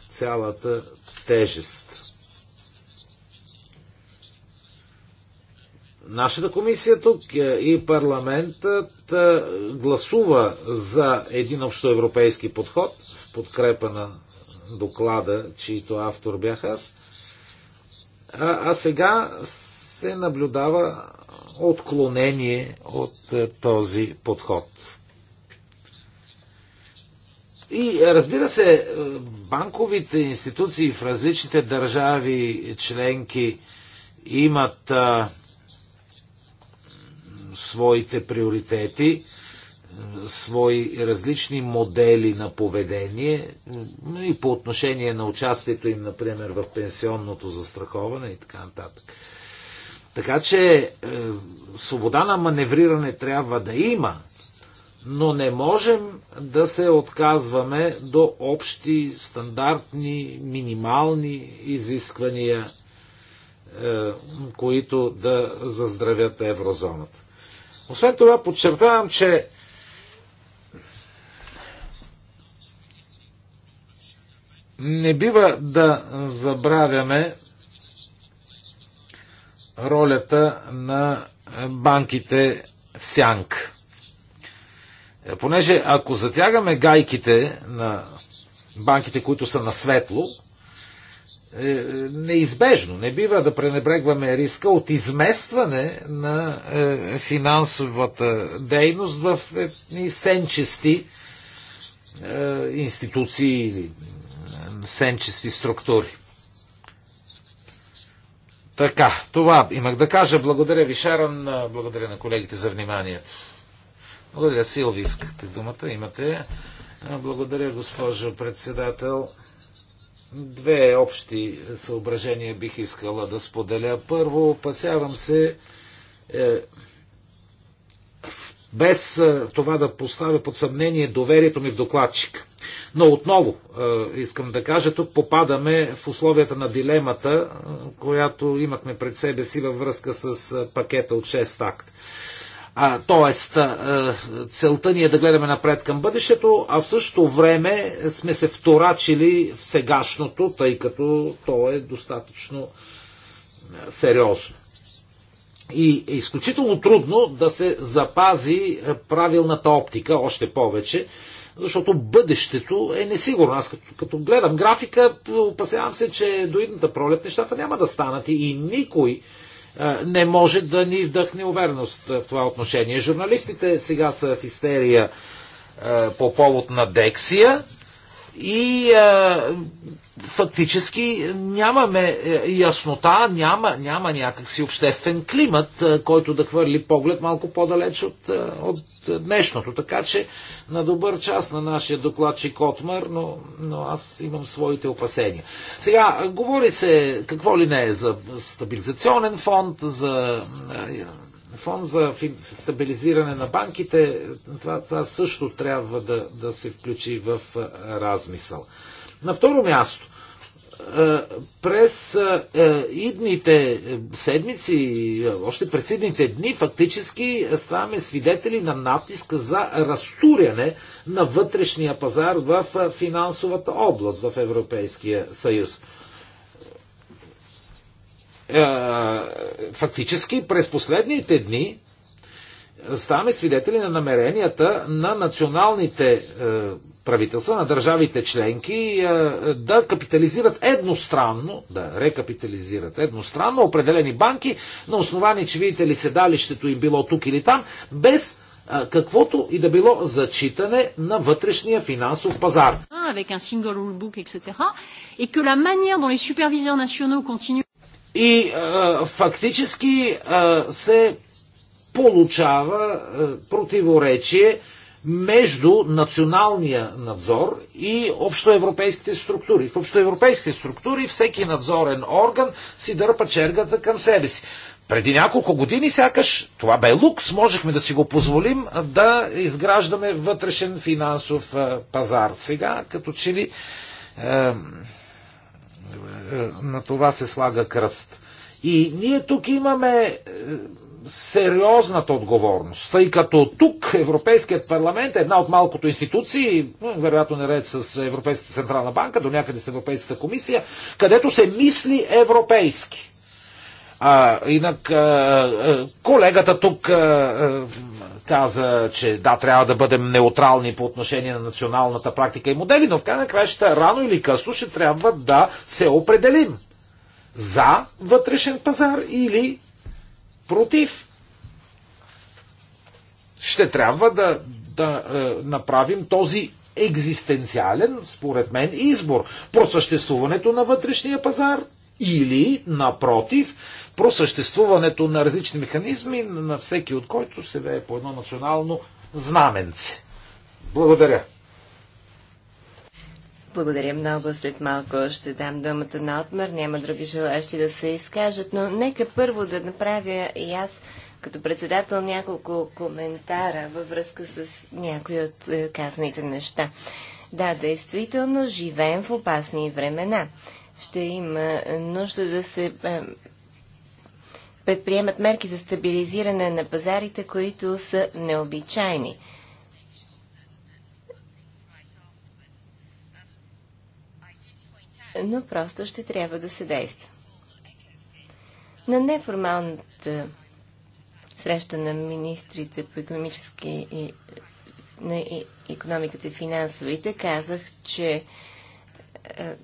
цялата тежест. Нашата комисия тук е, и парламентът е, гласува за един общоевропейски подход в подкрепа на доклада, чието автор бях аз. А, а сега се наблюдава отклонение от този подход. И разбира се, банковите институции в различните държави членки имат а, своите приоритети, свои различни модели на поведение и по отношение на участието им, например, в пенсионното застраховане и така нататък. Така че е, свобода на маневриране трябва да има, но не можем да се отказваме до общи, стандартни, минимални изисквания, е, които да заздравят еврозоната. Освен това, подчертавам, че не бива да забравяме ролята на банките в сянка. Е, понеже ако затягаме гайките на банките, които са на светло, е, е, неизбежно, не бива да пренебрегваме риска от изместване на финансовата дейност в едни сенчести институции или сенчести структури. Така, това имах да кажа. Благодаря ви, Шаран. Благодаря на колегите за вниманието. Благодаря, Силви, искате думата, имате. Благодаря, госпожо председател. Две общи съображения бих искала да споделя. Първо, опасявам се, е, без е, това да поставя под съмнение доверието ми в докладчик. Но отново, е, искам да кажа, тук попадаме в условията на дилемата, която имахме пред себе си във връзка с пакета от 6 акт. А, тоест, целта ни е да гледаме напред към бъдещето, а в същото време сме се вторачили в сегашното, тъй като то е достатъчно сериозно. И е изключително трудно да се запази правилната оптика, още повече, защото бъдещето е несигурно. Аз като, като гледам графика, опасявам се, че до идната пролет нещата няма да станат и никой не може да ни вдъхне увереност в това отношение. Журналистите сега са в истерия по повод на Дексия и фактически нямаме е, яснота, няма, няма някакси обществен климат, е, който да хвърли поглед малко по-далеч от, е, от днешното. Така че на добър час на нашия докладчик Отмър, но, но аз имам своите опасения. Сега, говори се какво ли не е за стабилизационен фонд, за фонд за стабилизиране на банките, това, това също трябва да, да се включи в размисъл. На второ място, е, през е, е, идните седмици, още през идните дни, фактически ставаме свидетели на натиска за разтуряне на вътрешния пазар в финансовата област в Европейския съюз фактически през последните дни ставаме свидетели на намеренията на националните правителства на държавите членки е, да капитализират едностранно, да рекапитализират едностранно определени банки на основание, че видите ли седалището им било тук или там, без е, каквото и да било зачитане на вътрешния финансов пазар. И е, фактически се получава противоречие между националния надзор и общоевропейските структури. В общоевропейските структури всеки надзорен орган си дърпа чергата към себе си. Преди няколко години сякаш това бе лукс, можехме да си го позволим да изграждаме вътрешен финансов пазар. Сега, като че ли е, е, на това се слага кръст. И ние тук имаме е, сериозната отговорност, тъй като тук Европейският парламент е една от малкото институции, вероятно наред с Европейската централна банка, до някъде с Европейската комисия, където се мисли европейски. А, инак, а, колегата тук а, каза, че да, трябва да бъдем неутрални по отношение на националната практика и модели, но в крайна краища рано или късно ще трябва да се определим за вътрешен пазар или против. Ще трябва да, да е, направим този екзистенциален, според мен, избор. Про съществуването на вътрешния пазар или, напротив, про съществуването на различни механизми, на всеки от който се вее по едно национално знаменце. Благодаря. Благодаря много. След малко ще дам думата на отмър. Няма други желащи да се изкажат, но нека първо да направя и аз като председател няколко коментара във връзка с някои от е, казаните неща. Да, действително живеем в опасни времена. Ще има нужда да се е, предприемат мерки за стабилизиране на пазарите, които са необичайни. но просто ще трябва да се действа. На неформалната среща на министрите по економически и на економиката и финансовите казах, че е,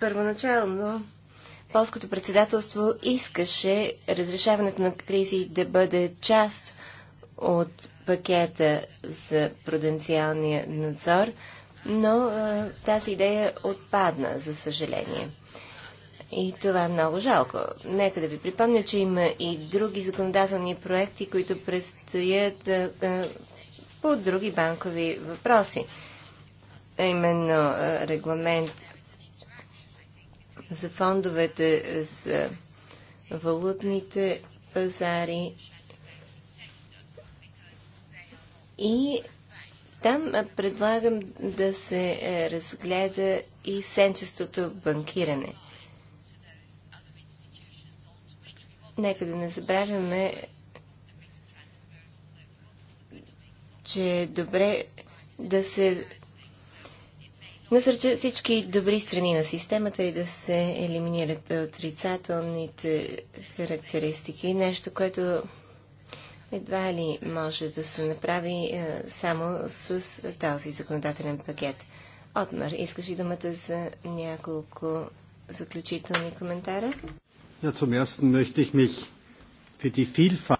първоначално полското председателство искаше разрешаването на кризи да бъде част от пакета за пруденциалния надзор, но а, тази идея отпадна, за съжаление. И това е много жалко. Нека да ви припомня, че има и други законодателни проекти, които предстоят а, а, по други банкови въпроси. А именно а, регламент за фондовете за валутните пазари и там предлагам да се е, разгледа и сенчестото банкиране. Нека да не забравяме, че е добре да се насърчат всички добри страни на системата и да се елиминират отрицателните характеристики. Нещо, което едва ли може да се направи е, само с този законодателен пакет. Отмар, искаш ли думата за няколко заключителни коментара? Ja, zum ersten möchte ich mich für die Vielfalt.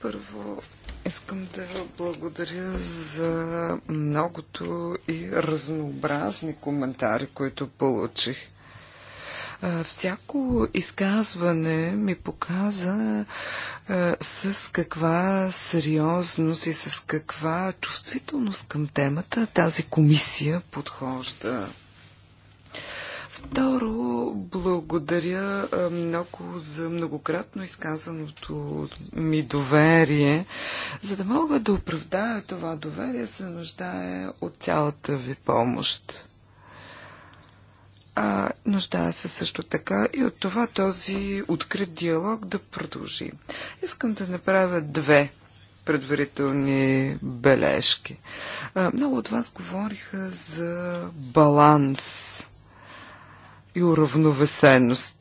Първо искам да благодаря за многото и разнообразни коментари, които получих. Всяко изказване ми показа с каква сериозност и с каква чувствителност към темата тази комисия подхожда. Второ, благодаря много за многократно изказаното ми доверие. За да мога да оправдая това доверие, се нуждае от цялата ви помощ. А, нуждае се също така и от това този открит диалог да продължи. Искам да направя две предварителни бележки. А, много от вас говориха за баланс и уравновесеност.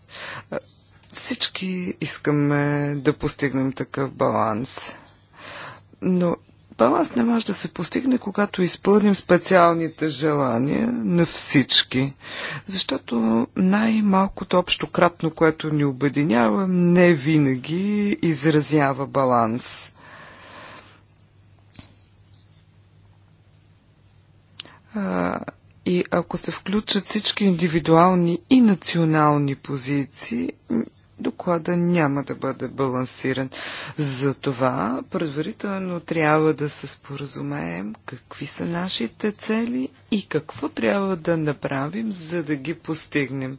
всички искаме да постигнем такъв баланс. Но Баланс не може да се постигне, когато изпълним специалните желания на всички. Защото най-малкото общо кратно, което ни обединява, не винаги изразява баланс. А, и ако се включат всички индивидуални и национални позиции, доклада няма да бъде балансиран. Затова предварително трябва да се споразумеем какви са нашите цели и какво трябва да направим, за да ги постигнем.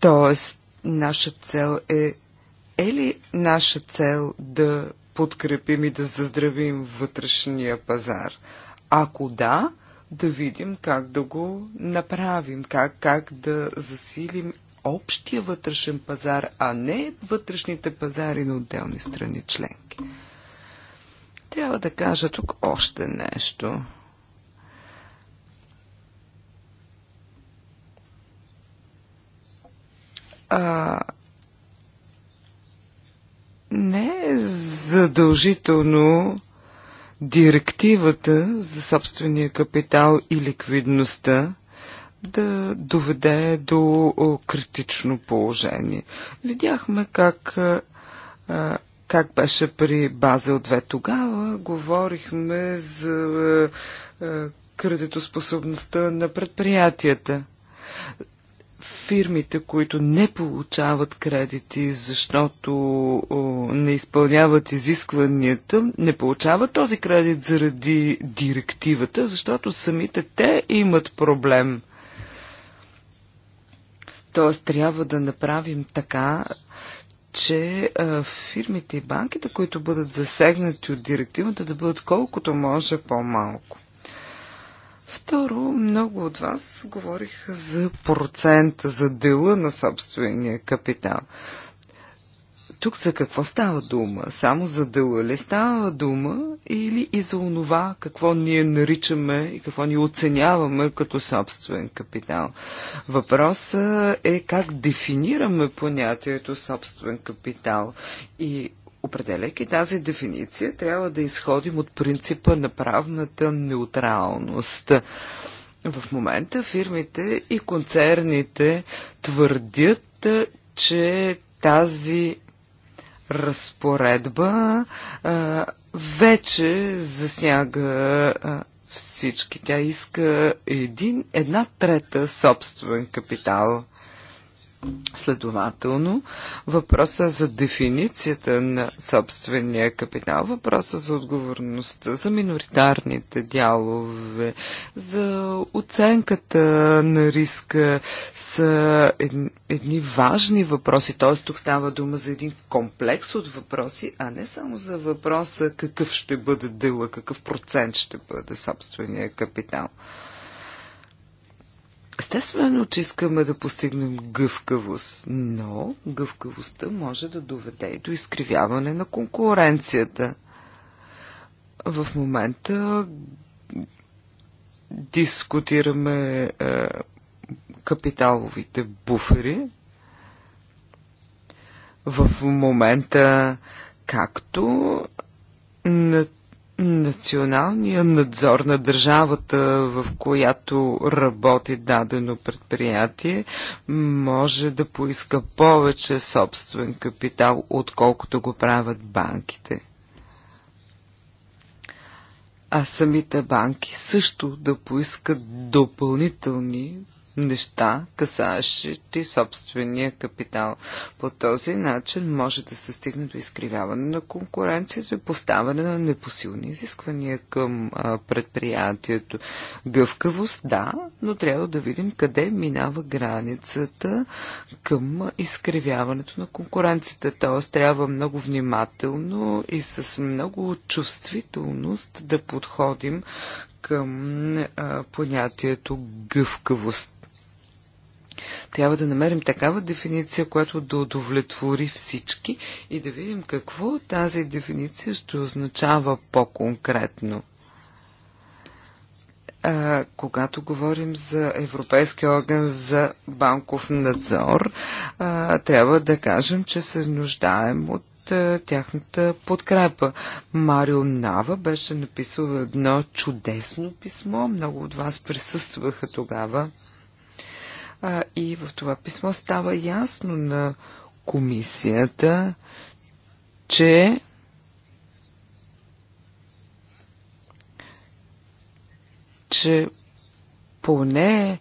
Тоест, наша цел е е ли наша цел да подкрепим и да заздравим вътрешния пазар? Ако да, да видим как да го направим, как, как да засилим общия вътрешен пазар, а не вътрешните пазари на отделни страни членки. Трябва да кажа тук още нещо. А, не е задължително директивата за собствения капитал и ликвидността да доведе до критично положение. Видяхме как, как беше при Базел 2 тогава. Говорихме за кредитоспособността на предприятията. Фирмите, които не получават кредити, защото не изпълняват изискванията, не получават този кредит заради директивата, защото самите те имат проблем. Тоест, трябва да направим така, че а, фирмите и банките, които бъдат засегнати от директивата, да бъдат колкото може по-малко. Второ, много от вас говориха за процента, за дела на собствения капитал. Тук за какво става дума? Само за дела ли става дума или и за онова, какво ние наричаме и какво ни оценяваме като собствен капитал? Въпросът е как дефинираме понятието собствен капитал и Определяйки тази дефиниция, трябва да изходим от принципа на правната неутралност. В момента фирмите и концерните твърдят, че тази разпоредба а, вече засяга а, всички. Тя иска един, една трета собствен капитал. Следователно, въпроса за дефиницията на собствения капитал, въпроса за отговорността, за миноритарните дялове, за оценката на риска са едни важни въпроси. Т.е. тук става дума за един комплекс от въпроси, а не само за въпроса какъв ще бъде дела, какъв процент ще бъде собствения капитал. Естествено, че искаме да постигнем гъвкавост, но гъвкавостта може да доведе и до изкривяване на конкуренцията. В момента дискутираме е, капиталовите буфери. В момента както на националния надзор на държавата, в която работи дадено предприятие, може да поиска повече собствен капитал, отколкото го правят банките. А самите банки също да поискат допълнителни неща, касаещи собствения капитал. По този начин може да се стигне до изкривяване на конкуренцията и поставяне на непосилни изисквания към а, предприятието. Гъвкавост, да, но трябва да видим къде минава границата към изкривяването на конкуренцията. Т.е. трябва много внимателно и с много чувствителност да подходим към а, понятието гъвкавост. Трябва да намерим такава дефиниция, която да удовлетвори всички и да видим какво тази дефиниция ще означава по-конкретно когато говорим за Европейския орган за банков надзор, а, трябва да кажем, че се нуждаем от тяхната подкрепа. Марио Нава беше написал едно чудесно писмо. Много от вас присъстваха тогава. А, и в това писмо става ясно на комисията, че че поне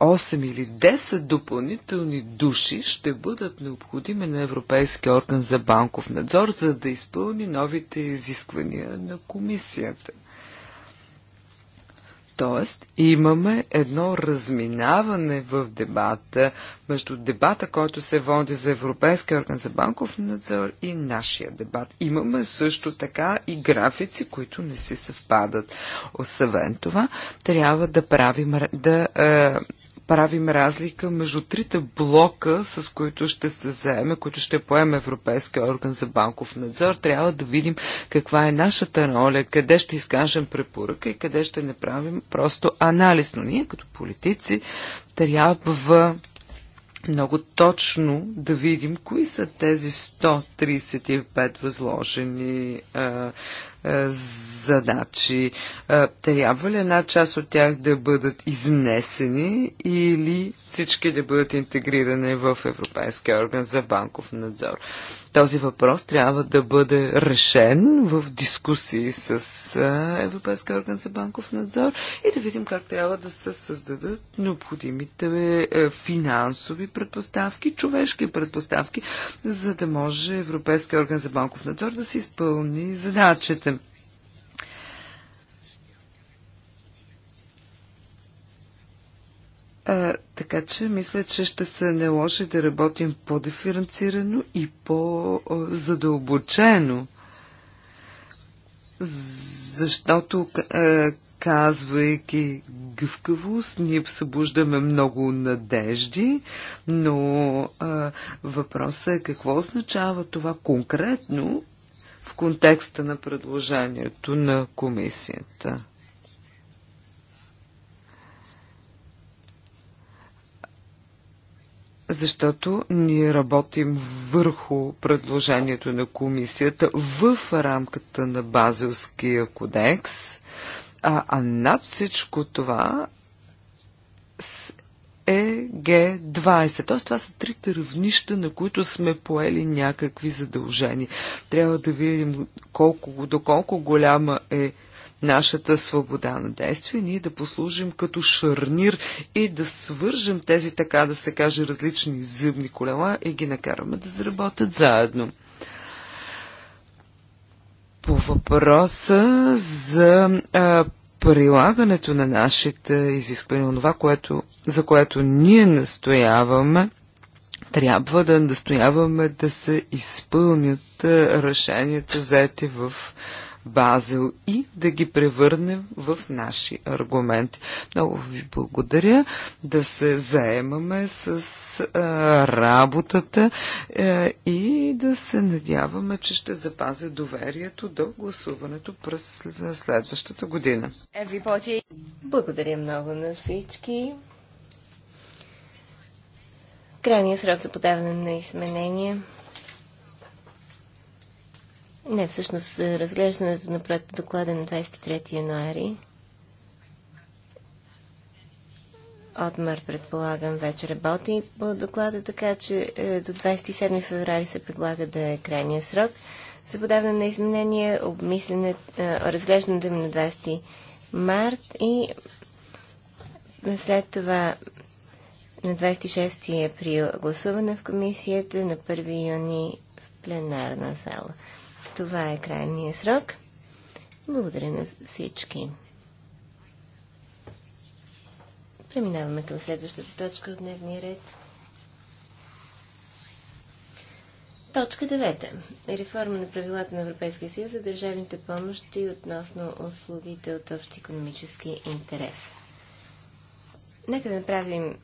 8 или 10 допълнителни души ще бъдат необходими на Европейския орган за банков надзор, за да изпълни новите изисквания на комисията. Тоест, имаме едно разминаване в дебата между дебата, който се води за Европейския орган за банков надзор и нашия дебат. Имаме също така и графици, които не си съвпадат. Освен това, трябва да правим, да е, правим разлика между трите блока, с които ще се заеме, които ще поеме Европейския орган за банков надзор. Трябва да видим каква е нашата роля, къде ще изкажем препоръка и къде ще не правим просто анализ. Но ние като политици трябва много точно да видим кои са тези 135 възложени а, а, задачи. Трябва ли една част от тях да бъдат изнесени или всички да бъдат интегрирани в Европейския орган за банков надзор? Този въпрос трябва да бъде решен в дискусии с Европейския орган за банков надзор и да видим как трябва да се създадат необходимите е, финансови предпоставки, човешки предпоставки, за да може Европейския орган за банков надзор да се изпълни задачите. А, така че мисля, че ще се наложи да работим по-диференцирано и по-задълбочено. Защото казвайки гъвкавост, ние събуждаме много надежди, но въпросът е какво означава това конкретно в контекста на предложението на комисията. защото ние работим върху предложението на комисията в рамката на Базилския кодекс, а, а над всичко това е Г20. Тоест, това са трите равнища, на които сме поели някакви задължения. Трябва да видим колко, доколко голяма е нашата свобода на действие, ние да послужим като шарнир и да свържем тези, така да се каже, различни зъбни колела и ги накараме да заработят заедно по въпроса за а, прилагането на нашите изисквания, това, което, за което ние настояваме, трябва да настояваме да се изпълнят решенията, заети в Базел и да ги превърнем в наши аргументи. Много ви благодаря да се заемаме с а, работата а, и да се надяваме, че ще запазя доверието до гласуването през следващата година. Everybody. Благодаря много на всички. Крайният срок за подаване на изменения не, всъщност е, разглеждането на проекта доклада е на 23 януари. Отмър, предполагам, вече работи по доклада, така че е, до 27 феврари се предлага да е крайния срок за подаване на изменения, обмислене, разглеждането им на 20 март и след това на 26 април гласуване в комисията, на 1 юни в пленарна зала. Това е крайния срок. Благодаря на всички. Преминаваме към следващата точка от дневния ред. Точка 9. Реформа на правилата на Европейския съюз за държавните помощи относно услугите от общ економически интерес. Нека да направим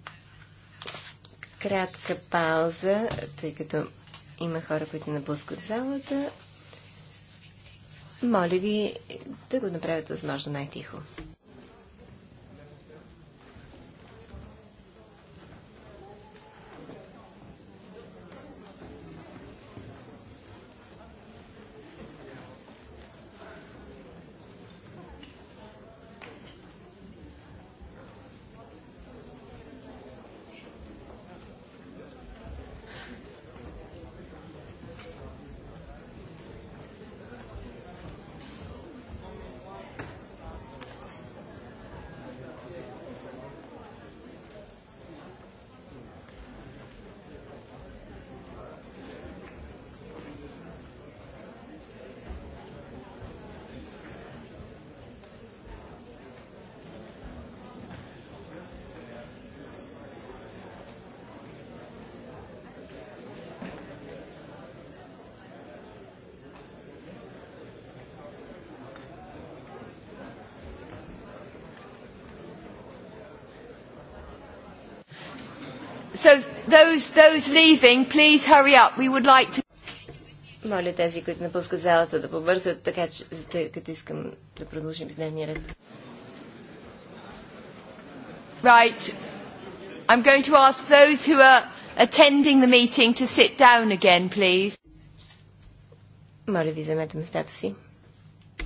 кратка пауза, тъй като има хора, които напускат залата. Моля ви да го направят възможно най-тихо. So those, those leaving, please hurry up. We would like to... Моля тези, които напускат залата да побързат, така че, тъй като искам да продължим с дневния ред. Right. I'm going to ask those who are attending the meeting to sit down again, please. Моля ви, вземете местата си.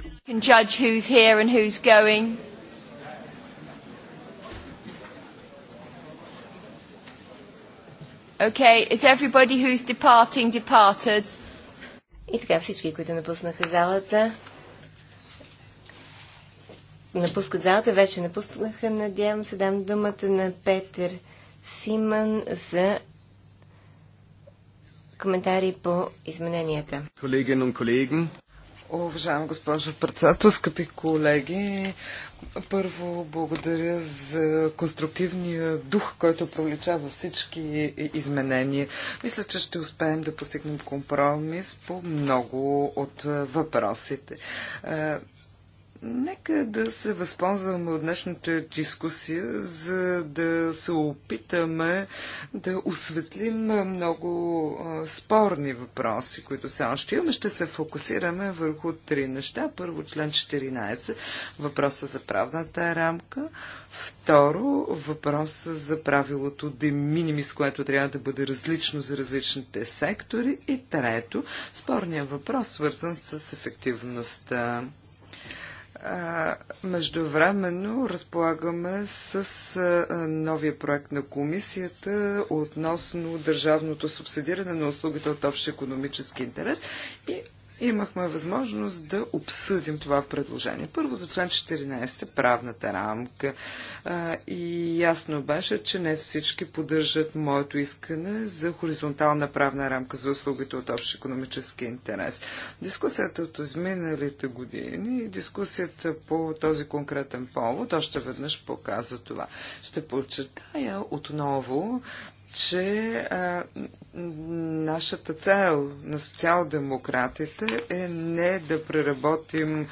You can judge who's here and who's going. Okay, is everybody who's departing departed? И така всички, които напуснаха залата, напускат залата, вече напуснаха. Надявам се, дам думата на Петър Симан за коментари по измененията. Колеги и колеги, Уважаема госпожа председател, скъпи колеги, първо, благодаря за конструктивния дух, който пролича във всички изменения. Мисля, че ще успеем да постигнем компромис по много от въпросите. Нека да се възползваме от днешната дискусия, за да се опитаме да осветлим много спорни въпроси, които все още имаме. Ще се фокусираме върху три неща. Първо, член 14, въпроса за правната рамка. Второ, въпроса за правилото де минимис, което трябва да бъде различно за различните сектори. И трето, спорният въпрос, свързан с ефективността Междувременно разполагаме с новия проект на комисията относно държавното субсидиране на услугите от общ економически интерес и имахме възможност да обсъдим това предложение. Първо за член 14, правната рамка. А, и ясно беше, че не всички поддържат моето искане за хоризонтална правна рамка за услугите от общ економически интерес. Дискусията от изминалите години и дискусията по този конкретен повод още веднъж показа това. Ще подчертая отново, че а, нашата цел на социал-демократите е не да преработим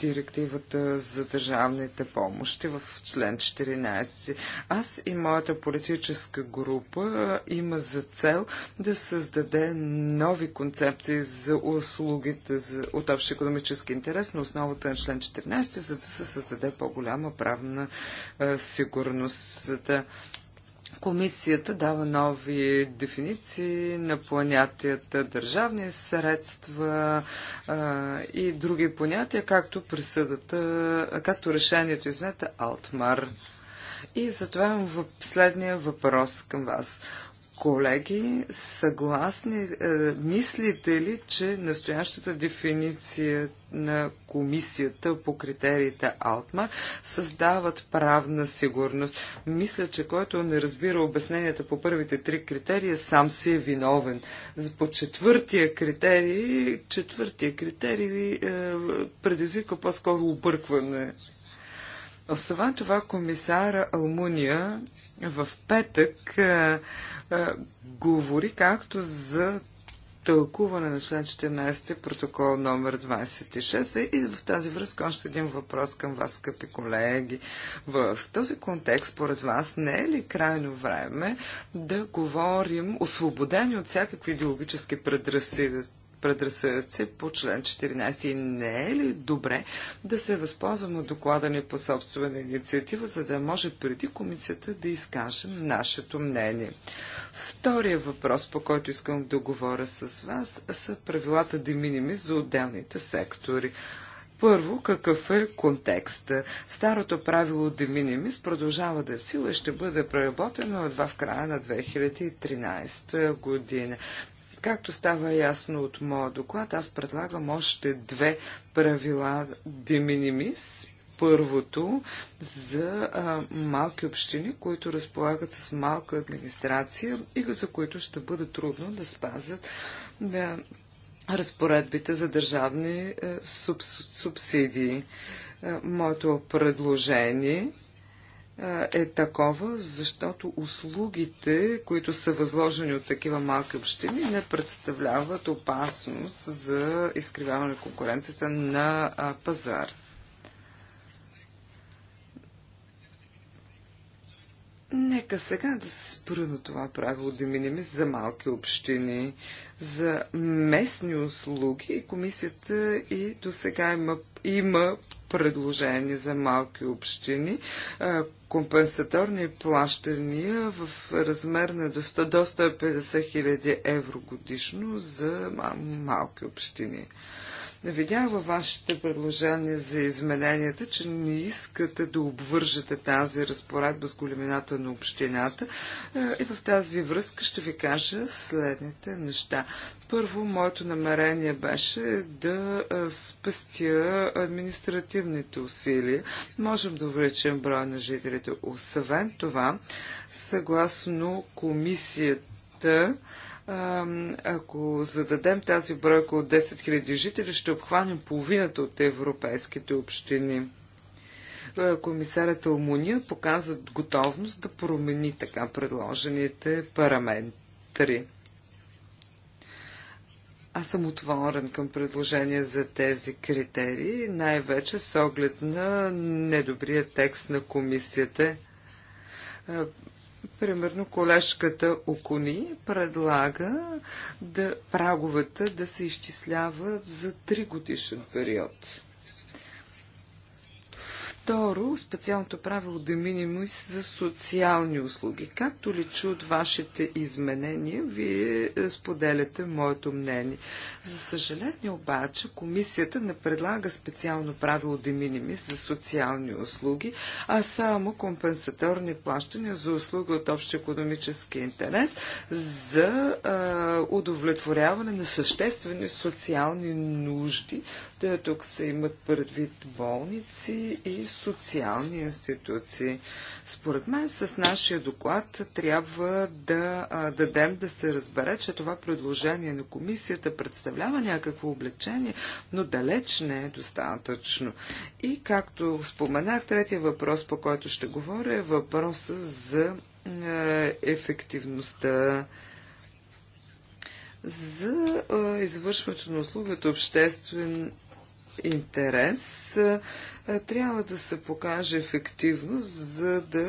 директивата за държавните помощи в член 14. Аз и моята политическа група има за цел да създаде нови концепции за услугите за, от общ економически интерес на основата на член 14, за да се създаде по-голяма правна а, сигурност. Комисията дава нови дефиниции на понятията държавни средства а, и други понятия, както присъдата, както решението, извинете, Алтмар. И затова имам следния въпрос към вас. Колеги, съгласни, е, мислите ли, че настоящата дефиниция на комисията по критериите Алтма създават правна сигурност? Мисля, че който не разбира обясненията по първите три критерия, сам си е виновен. По четвъртия критерий, четвъртия критерий е, предизвика по-скоро объркване. Освен това, комисара Алмуния в петък е, говори както за тълкуване на член 14, протокол номер 26. И в тази връзка още един въпрос към вас, скъпи колеги. В този контекст, според вас, не е ли крайно време да говорим освободени от всякакви идеологически предразсъдъци? предразсъдъци по член 14. И не е ли добре да се възползваме от доклада ни по собствена инициатива, за да може преди комисията да изкажем нашето мнение? Втория въпрос, по който искам да говоря с вас, са правилата де за отделните сектори. Първо, какъв е контекст? Старото правило de minimis продължава да е в сила и ще бъде преработено едва в края на 2013 година. Както става ясно от моя доклад, аз предлагам още две правила de minimis. Първото за а, малки общини, които разполагат с малка администрация и за които ще бъде трудно да спазят да, разпоредбите за държавни а, е, субсидии. А, е, моето предложение е такова, защото услугите, които са възложени от такива малки общини, не представляват опасност за изкривяване на конкуренцията на пазара. Нека сега да се спра на това правило да минем за малки общини, за местни услуги. Комисията и до сега има, има предложение за малки общини. Компенсаторни плащания в размер на до 100 до 150 хиляди евро годишно за малки общини. Не видях във вашите предложения за измененията, че не искате да обвържете тази разпоредба с големината на общината. Е, и в тази връзка ще ви кажа следните неща. Първо, моето намерение беше да е, спестя административните усилия. Можем да увеличим броя на жителите. Освен това, съгласно комисията, ако зададем тази бройка от 10 000 жители, ще обхванем половината от европейските общини. Е, комисарят Алмуния показва готовност да промени така предложените параметри. Аз съм отворен към предложения за тези критерии, най-вече с оглед на недобрия текст на комисията. Е, Примерно колежката Окуни предлага да праговете да се изчисляват за 3 годишен период. Второ, специалното правило де минимис за социални услуги. Както ли чу от вашите изменения, вие е, споделяте моето мнение. За съжаление обаче, комисията не предлага специално правило де минимис за социални услуги, а само компенсаторни плащания за услуги от общ економически интерес за а, е, удовлетворяване на съществени социални нужди тук се имат предвид болници и социални институции. Според мен с нашия доклад трябва да дадем да се разбере, че това предложение на комисията представлява някакво облегчение, но далеч не е достатъчно. И както споменах, третия въпрос, по който ще говоря, е въпроса за ефективността за извършването на услугата обществен интерес, трябва да се покаже ефективност, за да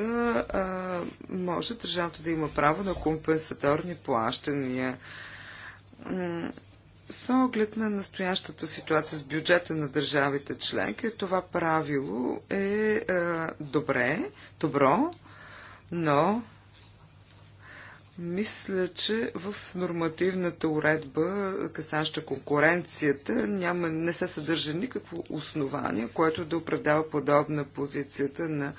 а, може държавата да има право на компенсаторни плащания. С оглед на настоящата ситуация с бюджета на държавите членки, това правило е а, добре, добро, но мисля, че в нормативната уредба, касаща конкуренцията, няма, не се съдържа никакво основание, което да оправдава подобна позицията на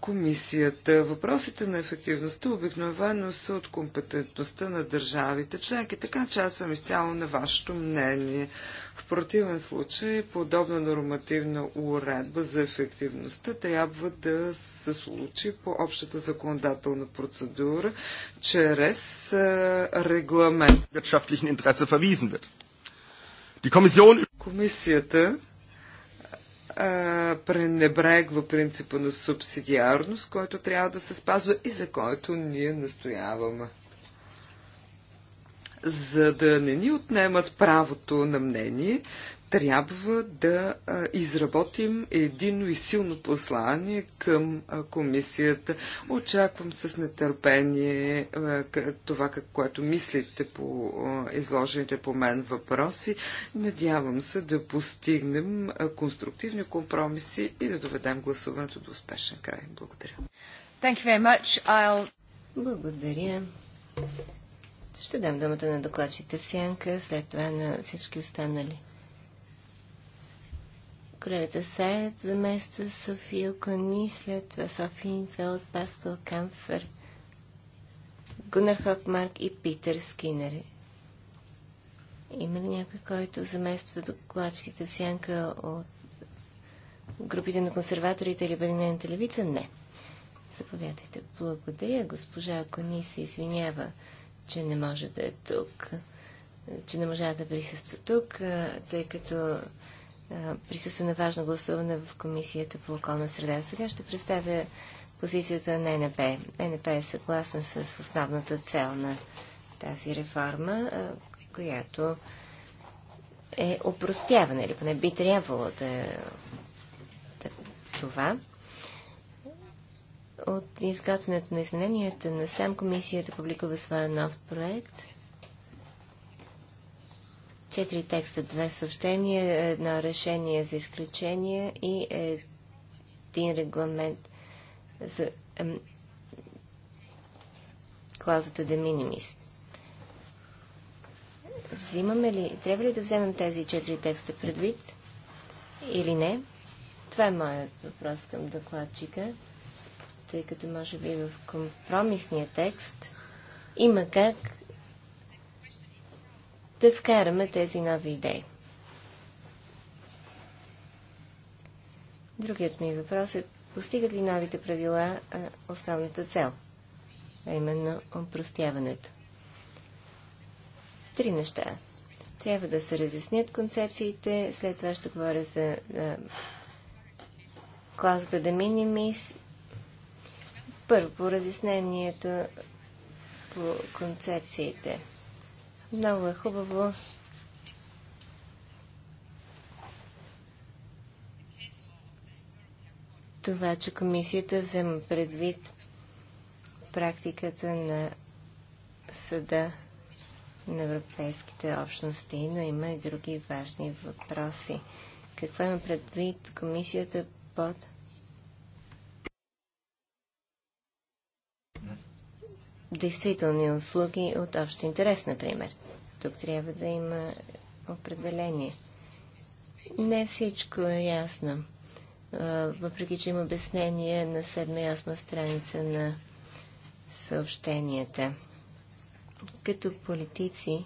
комисията. Въпросите на ефективността обикновено са от компетентността на държавите членки, така че аз съм изцяло на вашето мнение. В противен случай, подобна нормативна уредба за ефективността трябва да се случи по общата законодателна процедура, чрез регламент. Комисията пренебрегва принципа на субсидиарност, който трябва да се спазва и за който ние настояваме. За да не ни отнемат правото на мнение, трябва да изработим едино и силно послание към комисията. Очаквам с нетърпение това, което мислите по изложените по мен въпроси. Надявам се да постигнем конструктивни компромиси и да доведем гласуването до успешен край. Благодаря. Thank you very much. I'll... Благодаря. Ще дам думата на докладчите в сянка, след това на всички останали. Колегата Сайт замества София Кони, след това София Инфелд, Паскал Камфер, Гунар Хокмарк и Питър Скинери. Има ли някой, който замества докладчите в сянка от групите на консерваторите или Обединената левица? Не. Заповядайте. Благодаря. Госпожа Кони се извинява, че не може да е тук, че не можа да присъства тук, тъй като присъства на важно гласуване в Комисията по околна среда. Сега ще представя позицията на НП. НП е съгласна с основната цел на тази реформа, която е опростяване, или поне би трябвало да е да, това. От изготвянето на измененията на сам комисията публикува своя нов проект – Четири текста, две съобщения, едно решение за изключение и един регламент за клазата да де минимис. Взимаме ли, трябва ли да вземем тези четири текста предвид или не? Това е моят въпрос към докладчика, тъй като може би в компромисния текст има как да вкараме тези нови идеи. Другият ми въпрос е, постигат ли новите правила а, основната цел, а именно упростяването. Три неща. Трябва да се разяснят концепциите, след това ще говоря за а, клазата да минимис. Първо, по разяснението по концепциите. Много е хубаво. Това, че комисията взема предвид практиката на съда на европейските общности, но има и други важни въпроси. Какво има предвид комисията под действителни услуги от общ интерес, например? Тук трябва да има определение. Не всичко е ясно. Въпреки, че има обяснение на 7 и 8 страница на съобщенията. Като политици,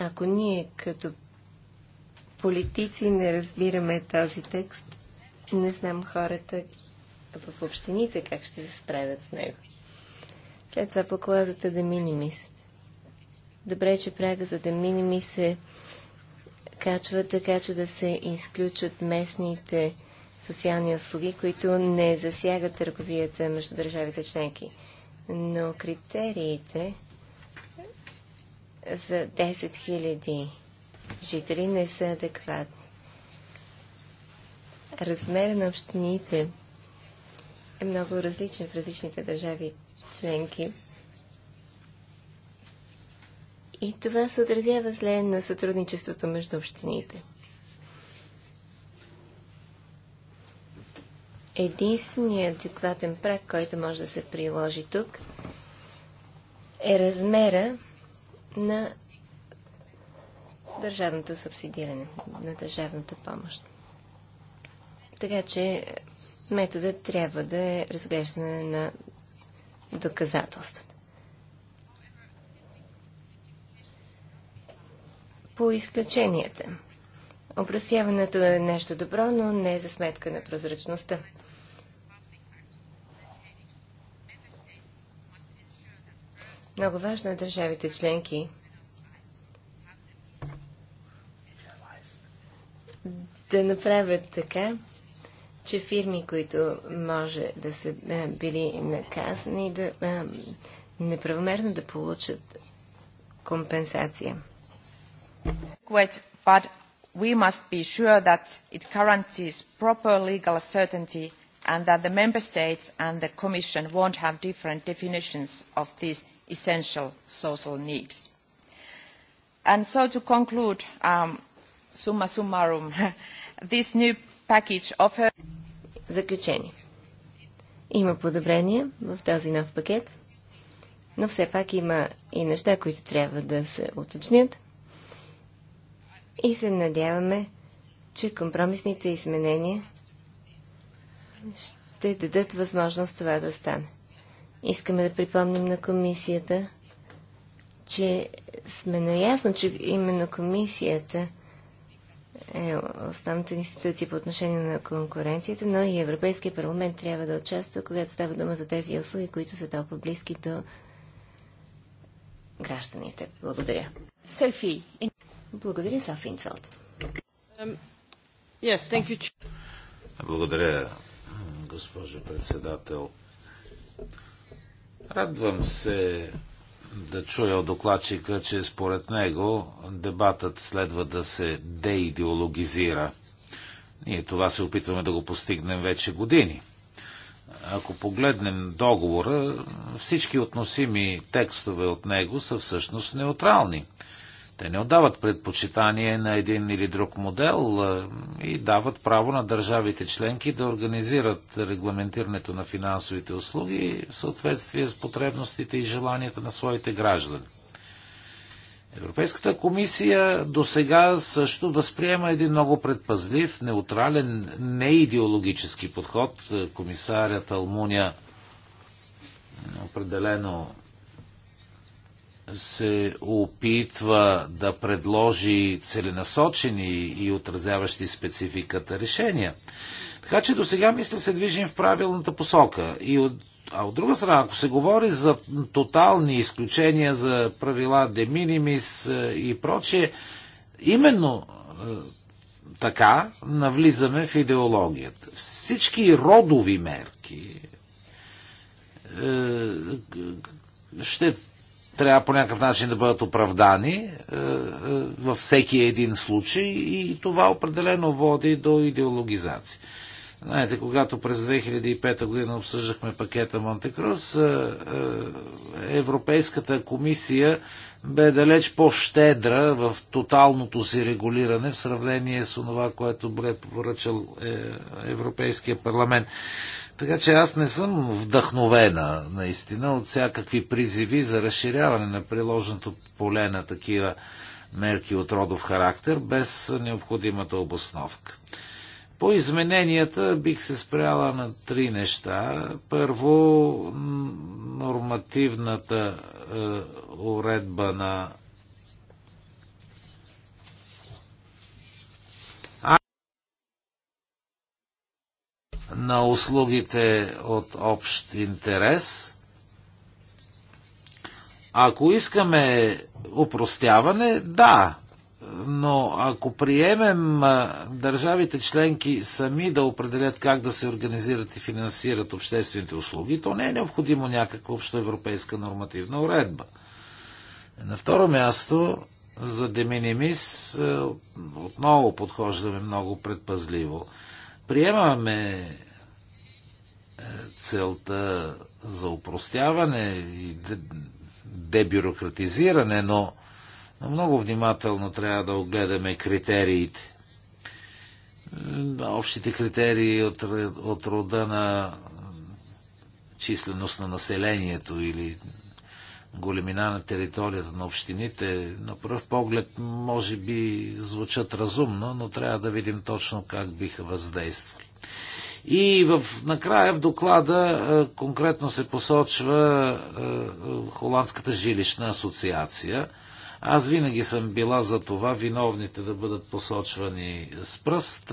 ако ние като политици не разбираме този текст, не знам хората в общините как ще се справят с него. След това поклазата да минимис. Добре, е, че прага за да миними се качва така, че да се изключат местните социални услуги, които не засягат търговията между държавите членки. Но критериите за 10 000 жители не са адекватни. Размер на общините е много различен в различните държави членки. И това се отразява зле на сътрудничеството между общините. Единственият адекватен прак, който може да се приложи тук, е размера на държавното субсидиране, на държавната помощ. Така че методът трябва да е разглеждане на доказателствата. по изключенията. Обрасяването е нещо добро, но не е за сметка на прозрачността. Много важно е държавите членки да направят така, че фирми, които може да са е, били наказани, да е, неправомерно да получат компенсация but we must be sure that it guarantees proper legal certainty and that the Member States and the Commission will not have different definitions of these essential social needs. And so to conclude, um, summa summarum, this new package offer... Заключение. Има подобрения в този нов пакет, но все пак има и неща, които трябва да се уточнят и се надяваме, че компромисните изменения ще дадат възможност това да стане. Искаме да припомним на комисията, че сме наясно, че именно комисията е основната институция по отношение на конкуренцията, но и Европейския парламент трябва да участва, когато става дума за тези услуги, които са толкова близки до гражданите. Благодаря. Софи. Благодаря, Сафинфелд. Um, yes, Благодаря, госпожо председател. Радвам се да чуя от докладчика, че според него дебатът следва да се деидеологизира. Ние това се опитваме да го постигнем вече години. Ако погледнем договора, всички относими текстове от него са всъщност неутрални – те не отдават предпочитание на един или друг модел и дават право на държавите членки да организират регламентирането на финансовите услуги в съответствие с потребностите и желанията на своите граждани. Европейската комисия до сега също възприема един много предпазлив, неутрален, неидеологически подход. Комисарят Алмуня определено се опитва да предложи целенасочени и отразяващи спецификата решения. Така че до сега мисля се движим в правилната посока. И от, а от друга страна, ако се говори за тотални изключения за правила де минимис и прочие, именно е, така навлизаме в идеологията. Всички родови мерки, е, ще трябва по някакъв начин да бъдат оправдани е, е, във всеки един случай и това определено води до идеологизация. Знаете, когато през 2005 година обсъждахме пакета Монтекрус, е, Европейската комисия бе далеч по-щедра в тоталното си регулиране в сравнение с това, което бе поръчал Европейския парламент. Така че аз не съм вдъхновена, наистина, от всякакви призиви за разширяване на приложеното поле на такива мерки от родов характер, без необходимата обосновка. По измененията бих се спряла на три неща. Първо, нормативната е, уредба на на услугите от общ интерес. Ако искаме упростяване, да, но ако приемем държавите членки сами да определят как да се организират и финансират обществените услуги, то не е необходимо някаква общоевропейска нормативна уредба. На второ място, за деминимис отново подхождаме много предпазливо. Приемаме е, целта за упростяване и дебюрократизиране, но много внимателно трябва да огледаме критериите. Е, общите критерии от, от рода на численост на населението или големина на територията на общините, на пръв поглед може би звучат разумно, но трябва да видим точно как биха въздействали. И в, накрая в доклада е, конкретно се посочва е, Холандската жилищна асоциация – аз винаги съм била за това виновните да бъдат посочвани с пръст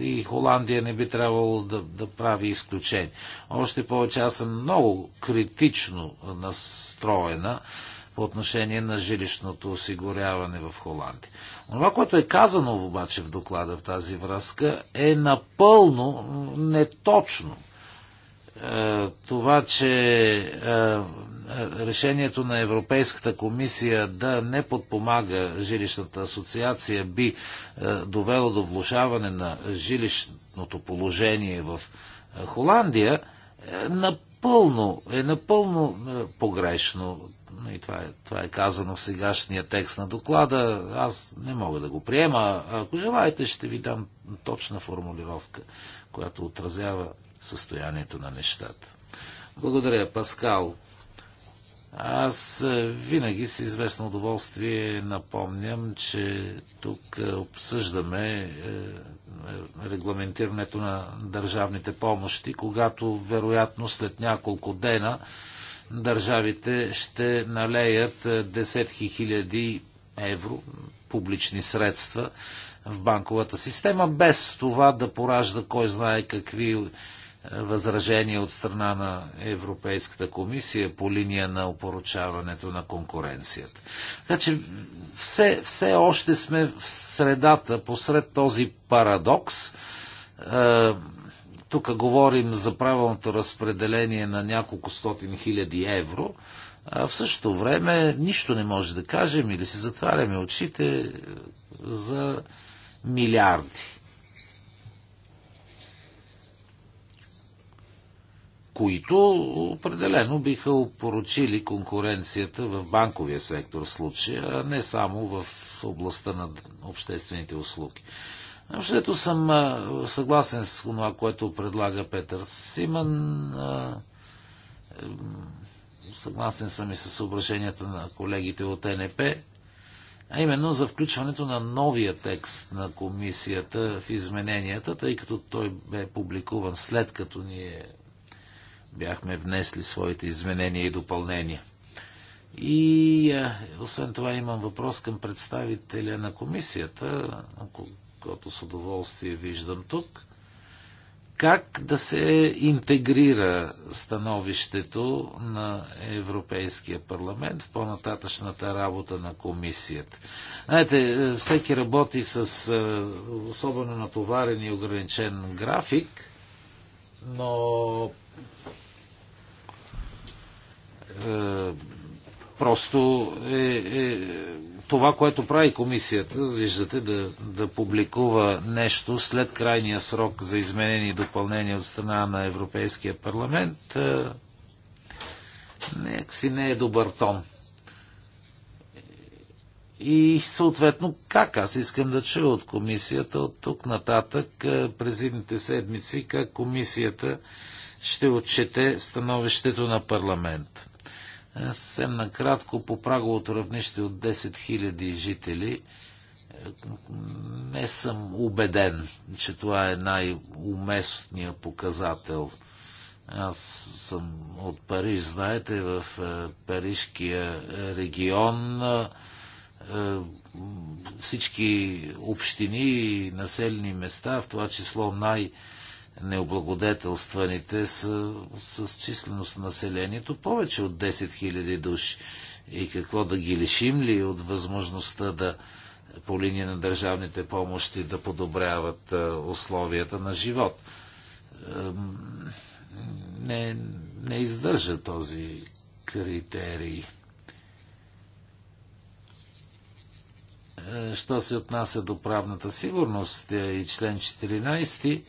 и Холандия не би трябвало да, да прави изключение. Още повече аз съм много критично настроена по отношение на жилищното осигуряване в Холандия. Това, което е казано обаче в доклада в тази връзка, е напълно неточно. Е, това, че е, е, решението на Европейската комисия да не подпомага жилищната асоциация би е, довело до влушаване на жилищното положение в е, Холандия, напълно, е напълно погрешно. И това е, това е казано в сегашния текст на доклада. Аз не мога да го приема. Ако желаете, ще ви дам точна формулировка, която отразява състоянието на нещата. Благодаря, Паскал. Аз е, винаги с известно удоволствие напомням, че тук е, обсъждаме е, регламентирането на държавните помощи, когато вероятно след няколко дена държавите ще налеят десетки хиляди евро публични средства в банковата система, без това да поражда кой знае какви възражения от страна на Европейската комисия по линия на опоручаването на конкуренцията. Така че все, все още сме в средата, посред този парадокс. Е, тук говорим за правилното разпределение на няколко стотин хиляди евро, а в същото време нищо не може да кажем или си затваряме очите е, за милиарди. които определено биха опорочили конкуренцията в банковия сектор в случая, а не само в областта на обществените услуги. Общото съм съгласен с това, което предлага Петър Симън. Съгласен съм и с съображенията на колегите от НП, а именно за включването на новия текст на комисията в измененията, тъй като той бе публикуван след като ние бяхме внесли своите изменения и допълнения. И а, освен това имам въпрос към представителя на комисията, който с удоволствие виждам тук. Как да се интегрира становището на Европейския парламент в по-нататъчната работа на комисията? Знаете, е, всеки работи с е, особено натоварен и ограничен график, но е, просто е, е това, което прави комисията, виждате, да, да публикува нещо след крайния срок за изменение и допълнение от страна на Европейския парламент, е, си не е добър тон. И съответно, как аз искам да чуя от комисията от тук нататък, е, през едните седмици, как комисията ще отчете становището на парламент съвсем накратко по праговото равнище от 10 000 жители не съм убеден, че това е най-уместният показател. Аз съм от Париж, знаете, в е, Парижкия регион е, всички общини и населени места, в това число най- необлагодетелстваните са с численост на населението повече от 10 000 души. И какво да ги лишим ли от възможността да по линия на държавните помощи да подобряват е, условията на живот? Не, не издържа този критерий. Е, що се отнася до правната сигурност е, и член 14,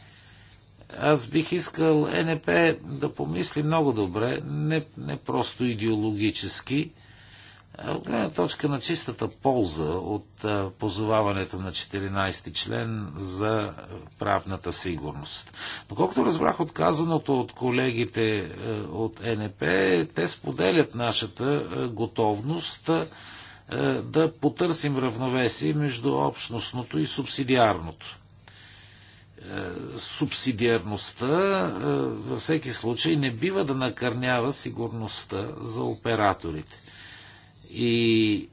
аз бих искал е НП да помисли много добре, не, не просто идеологически, а от гледна точка на чистата полза от позоваването на 14-ти член за правната сигурност. Но колкото разбрах отказаното от колегите от е НП, те споделят нашата готовност да потърсим равновесие между общностното и субсидиарното. Е, субсидиарността е, във всеки случай не бива да накърнява сигурността за операторите. И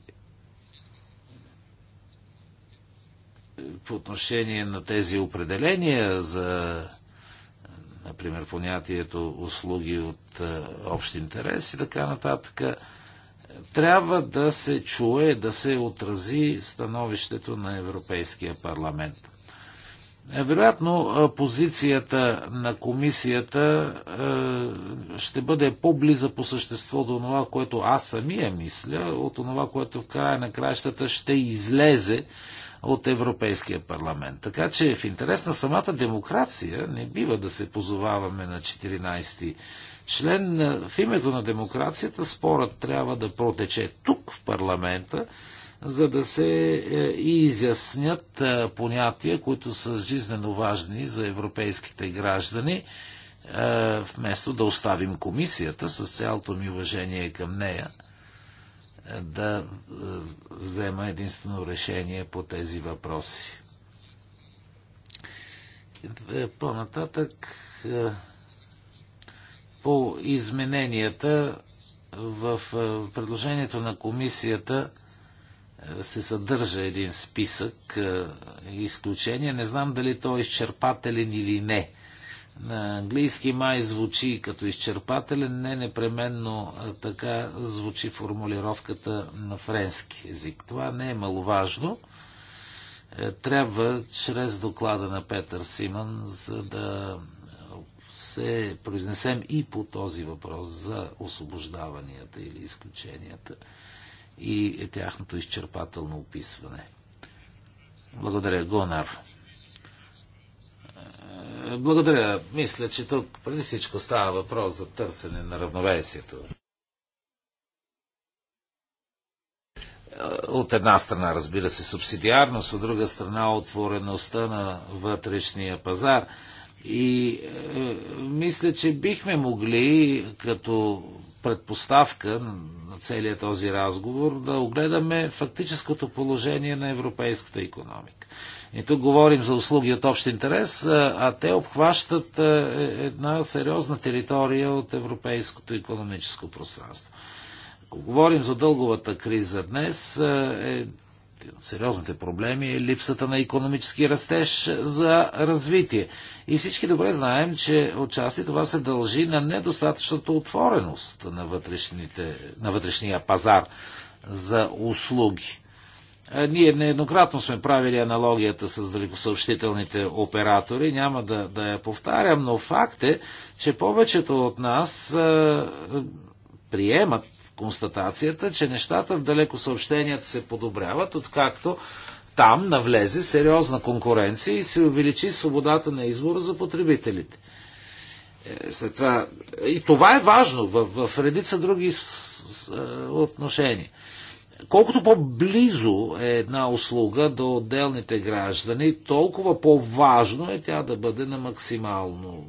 по отношение на тези определения за например, понятието услуги от е, общ интерес и така нататък, трябва да се чуе, да се отрази становището на Европейския парламент. Е, вероятно позицията на комисията ще бъде по-близа по същество до това, което аз самия мисля, от това, което в края на краищата ще излезе от Европейския парламент. Така че в интерес на самата демокрация не бива да се позоваваме на 14-ти член. В името на демокрацията спорът трябва да протече тук в парламента, за да се е, изяснят е, понятия, които са жизнено важни за европейските граждани, е, вместо да оставим комисията, с цялото ми уважение към нея, да взема единствено решение по тези въпроси. По-нататък по измененията в предложението на комисията се съдържа един списък е, изключения. Не знам дали той е изчерпателен или не. На английски май звучи като изчерпателен, не непременно е, така звучи формулировката на френски език. Това не е маловажно. Е, трябва чрез доклада на Петър Симън, за да се произнесем и по този въпрос за освобождаванията или изключенията и е тяхното изчерпателно описване. Благодаря, Гонар. Е, благодаря. Мисля, че тук преди всичко става въпрос за търсене на равновесието. Е, от една страна, разбира се, субсидиарност, от друга страна, отвореността на вътрешния пазар. И е, мисля, че бихме могли, като предпоставка на целият този разговор да огледаме фактическото положение на европейската економика. И тук говорим за услуги от общ интерес, а те обхващат е, една сериозна територия от европейското економическо пространство. Ако говорим за дълговата криза днес, е сериозните проблеми е липсата на економически растеж за развитие. И всички добре знаем, че отчасти това се дължи на недостатъчната отвореност на, на вътрешния пазар за услуги. Ние нееднократно сме правили аналогията с далекосъобщителните оператори, няма да, да я повтарям, но факт е, че повечето от нас а, приемат констатацията, че нещата в далеко съобщенията се подобряват, откакто там навлезе сериозна конкуренция и се увеличи свободата на избора за потребителите. Е, след това, и това е важно в, в редица други отношения. Колкото по-близо е една услуга до отделните граждани, толкова по-важно е тя да бъде на максимално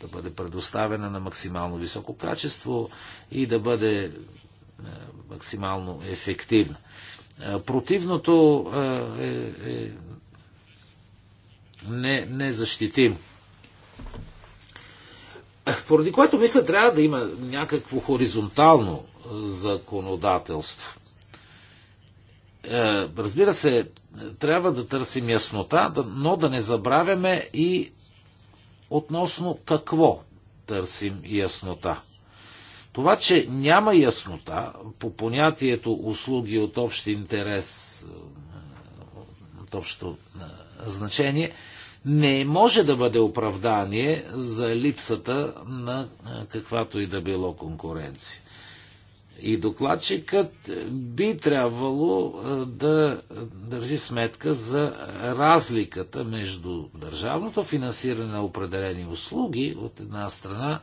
да бъде предоставена на максимално високо качество и да бъде е, максимално ефективна. Е, противното е, е, е не, незащитимо. Поради което мисля, трябва да има някакво хоризонтално законодателство. Разбира се, трябва да търсим яснота, но да не забравяме и относно какво търсим яснота. Това, че няма яснота по понятието услуги от общ интерес, е, от общо е, значение, не може да бъде оправдание за липсата на е, каквато и да било конкуренция. И докладчикът би трябвало да държи сметка за разликата между държавното финансиране на определени услуги от една страна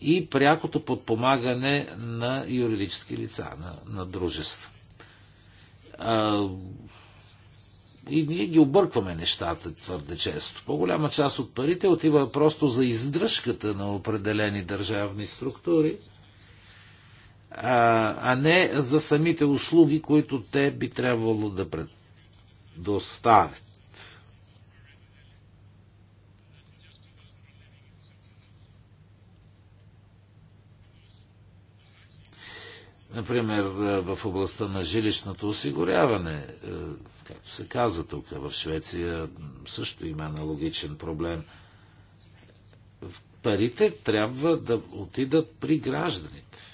и прякото подпомагане на юридически лица, на, на дружества. А, и ние ги объркваме нещата твърде често. По-голяма част от парите отива просто за издръжката на определени държавни структури – а не за самите услуги, които те би трябвало да предоставят. Например, в областта на жилищното осигуряване, както се каза тук в Швеция, също има аналогичен проблем. Парите трябва да отидат при гражданите.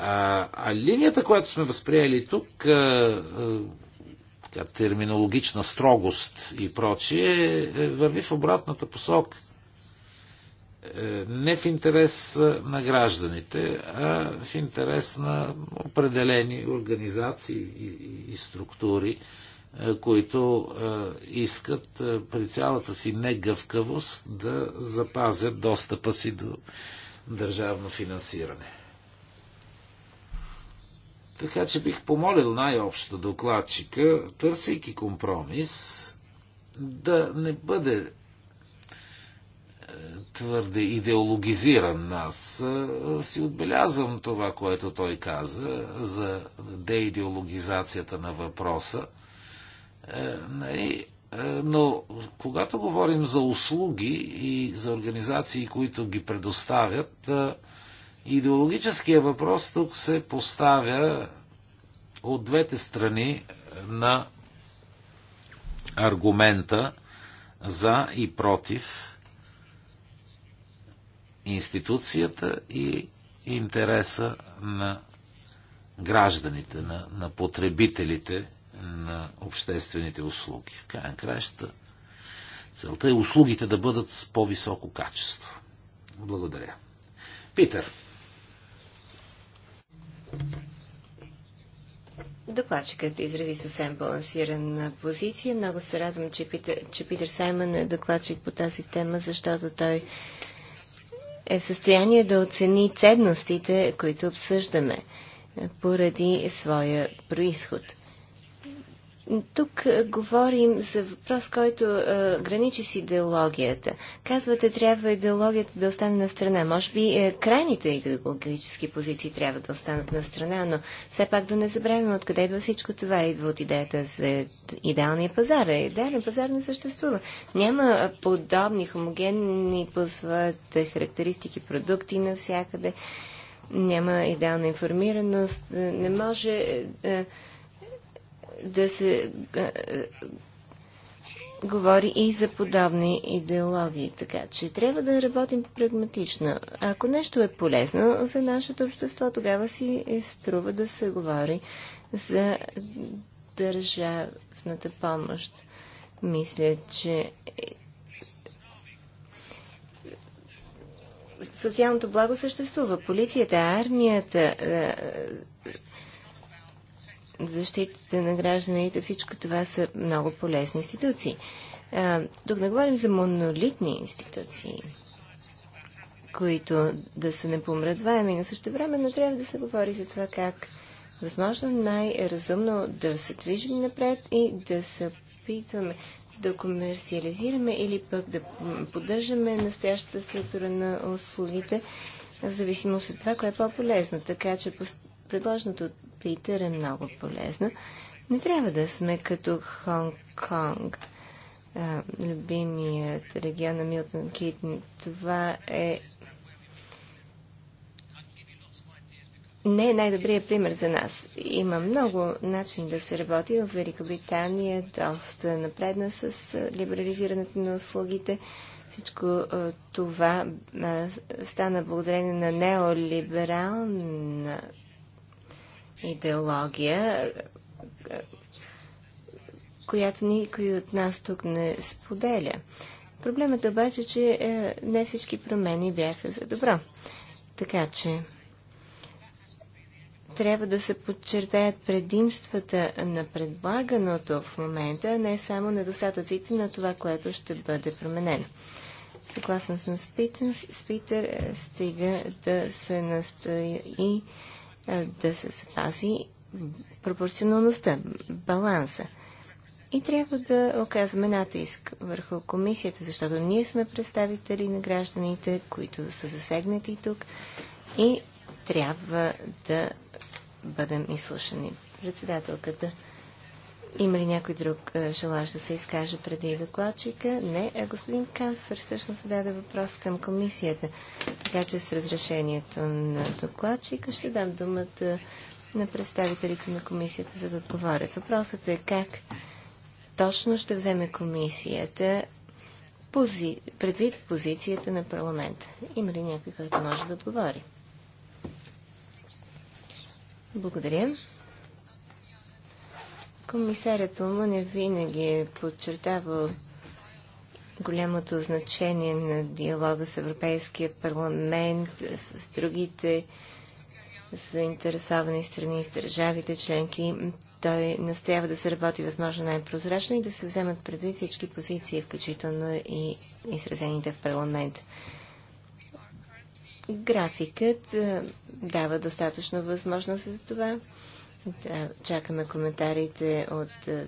А, а линията, която сме възприели тук, а, а, терминологична строгост и прочие, е, е, върви в обратната посока. Е, не в интерес на гражданите, а в интерес на определени организации и, и структури, които искат при цялата си негъвкавост да запазят достъпа си до държавно финансиране. Така че бих помолил най-общо докладчика, търсейки компромис, да не бъде е, твърде идеологизиран. нас. Е, си отбелязвам това, което той каза за деидеологизацията на въпроса. Е, нали, но когато говорим за услуги и за организации, които ги предоставят, Идеологическия въпрос тук се поставя от двете страни на аргумента за и против институцията и интереса на гражданите, на, на потребителите на обществените услуги. В крайна краща целта е услугите да бъдат с по-високо качество. Благодаря. Питър. Докладчикът изрази съвсем балансирана позиция. Много се радвам, че Питър, че Питър Саймън е докладчик по тази тема, защото той е в състояние да оцени ценностите, които обсъждаме поради своя происход – тук е, говорим за въпрос, който е, граничи с идеологията. Казвате, трябва идеологията да остане на страна. Може би е, крайните идеологически позиции трябва да останат на страна, но все пак да не забравяме откъде идва всичко това. Идва от идеята за идеалния пазар. Идеален пазар не съществува. Няма подобни хомогенни по своите характеристики продукти навсякъде. Няма идеална информираност. Е, не може. Е, е, да се говори и за подобни идеологии. Така че трябва да работим прагматично. Ако нещо е полезно за нашето общество, тогава си е струва да се говори за държавната помощ. Мисля, че социалното благо съществува. Полицията, армията, защитата на гражданите, всичко това са много полезни институции. А, тук не говорим за монолитни институции, които да са непомредваеми, но също време, но трябва да се говори за това как възможно най-разумно да се движим напред и да се опитваме да комерциализираме или пък да поддържаме настоящата структура на услугите в зависимост от това, кое е по-полезно. Така че предложеното Питър е много полезно. Не трябва да сме като Хонг-Конг. Любимият регион на Милтон Китн. Това е не е най-добрият пример за нас. Има много начин да се работи. В Великобритания доста напредна с либерализирането на услугите. Всичко това стана благодарение на неолиберална идеология, която никой от нас тук не споделя. Проблемът обаче, че е, не всички промени бяха за добро. Така че трябва да се подчертаят предимствата на предлаганото в момента, не само недостатъците на това, което ще бъде променено. Съгласен съм с Питър, с Питър е, стига да се настои и е, да се запази пропорционалността, баланса. И трябва да оказваме натиск върху комисията, защото ние сме представители на гражданите, които са засегнати тук и трябва да бъдем изслушани. Председателката има ли някой друг е, желаящ да се изкаже преди докладчика? Не. А господин Камфер всъщност зададе въпрос към комисията. Така че с разрешението на докладчика ще дам думата на представителите на комисията, за да отговорят. Въпросът е как точно ще вземе комисията пози... предвид позицията на парламента. Има ли някой, който може да отговори? Благодаря. Комисарят Омане винаги е подчертавал голямото значение на диалога с Европейския парламент, с другите заинтересовани страни, с държавите членки. Той настоява да се работи възможно най-прозрачно и да се вземат предвид всички позиции, включително и изразените в парламент. Графикът е, дава достатъчно възможност за това. Да, чакаме коментарите от е,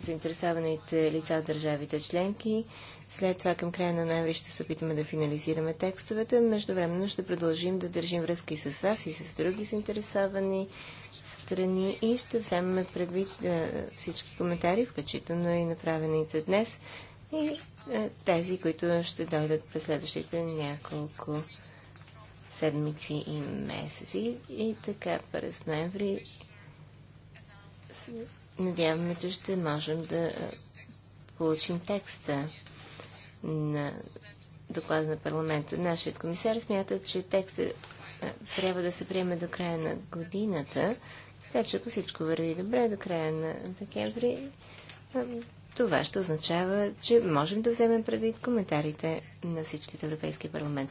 заинтересованите лица от държавите членки. След това към края на ноември ще се опитаме да финализираме текстовете. Междувременно ще продължим да държим връзки с вас и с други заинтересовани страни и ще вземем предвид е, всички коментари, включително и направените днес и е, тези, които ще дойдат през следващите няколко седмици и месеци. И така през ноември надяваме, че ще можем да получим текста на доклада на парламента. Нашият комисар смята, че текста трябва да се приеме до края на годината, така че ако всичко върви добре до края на декември, това ще означава, че можем да вземем предвид коментарите на всичките Европейски парламент.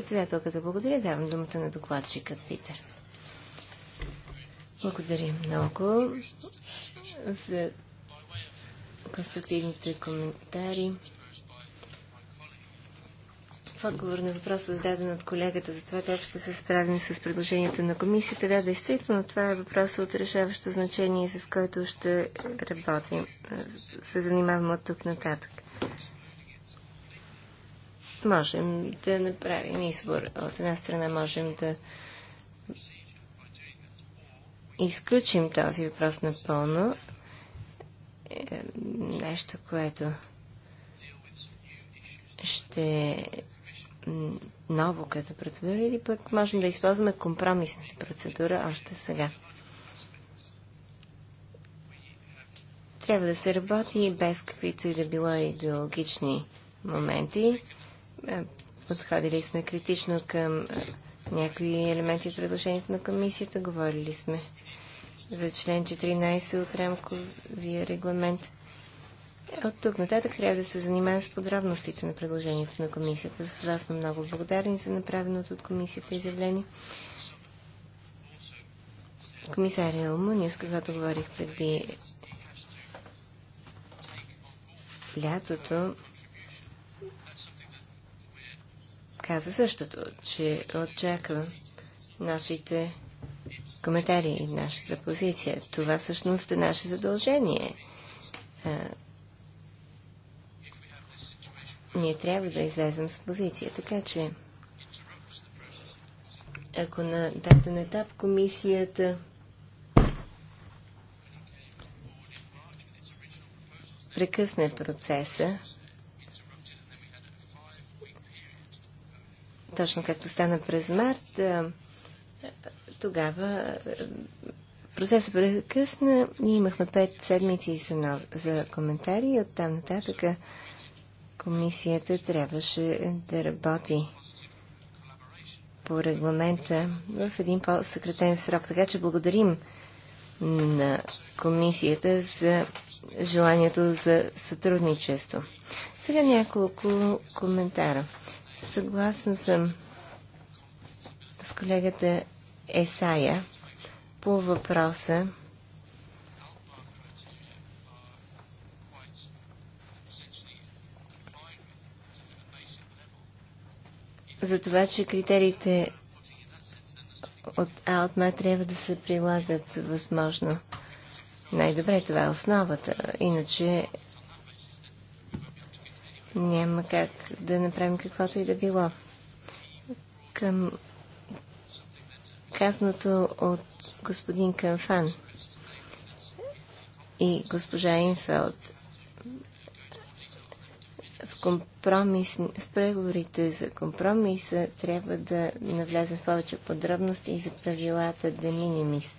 Председателката, благодаря. Давам думата на докладчика Питер. Благодаря много за конструктивните коментари. В отговор на въпроса, зададен от колегата за това как ще се справим с предложението на комисията, да, действително това е въпрос от решаващо значение, с който ще работим, се занимаваме от тук нататък можем да направим избор. От една страна можем да изключим този въпрос напълно. Е, нещо, което ще е ново като процедура или пък можем да използваме компромисната процедура още сега. Трябва да се работи без каквито и да било идеологични моменти. Е, подходили сме критично към е, някои елементи от предложението на комисията. Говорили сме за член 14 от рамковия регламент. От тук нататък трябва да се занимаем с подробностите на предложението на комисията. За това сме много благодарни за направеното от комисията изявление. Комисария Алмуния, с когато говорих преди лятото, каза същото, че очаква нашите коментари и нашата позиция. Това всъщност е наше задължение. ние трябва да излезем с позиция. Така че, ако на даден етап комисията прекъсне процеса, точно както стана през март, тогава процесът прекъсна Ние имахме 5 седмици за, за коментари и оттам нататък комисията трябваше да работи по регламента в един по-съкратен срок. Така че благодарим на комисията за желанието за сътрудничество. Сега няколко коментара. Съгласен съм с колегата Есая по въпроса за това, че критериите от А от Ма трябва да се прилагат възможно най-добре. Това е основата. Иначе няма как да направим каквото и да било. Към казаното от господин Канфан и госпожа Инфелд в, компромис, в преговорите за компромиса трябва да навлязем в повече подробности и за правилата де минимис.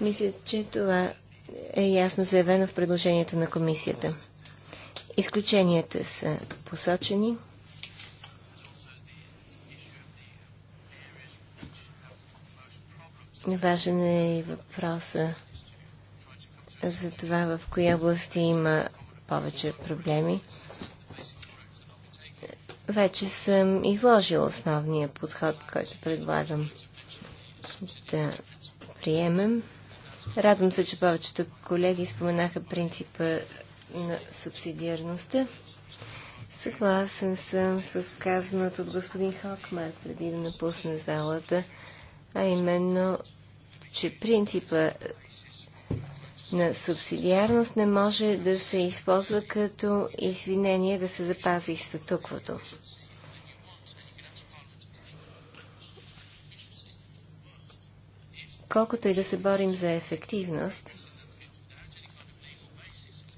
Мисля, че това е ясно заявено в предложението на комисията. Изключенията са посочени. Важен е и въпроса за това в кои области има повече проблеми. Вече съм изложил основния подход, който предлагам да приемем. Радвам се, че повечето колеги споменаха принципа на субсидиарността. Съгласен съм с казаното от господин Хокмар преди да напусне залата, а именно, че принципа на субсидиарност не може да се използва като извинение да се запази статуквото. колкото и да се борим за ефективност,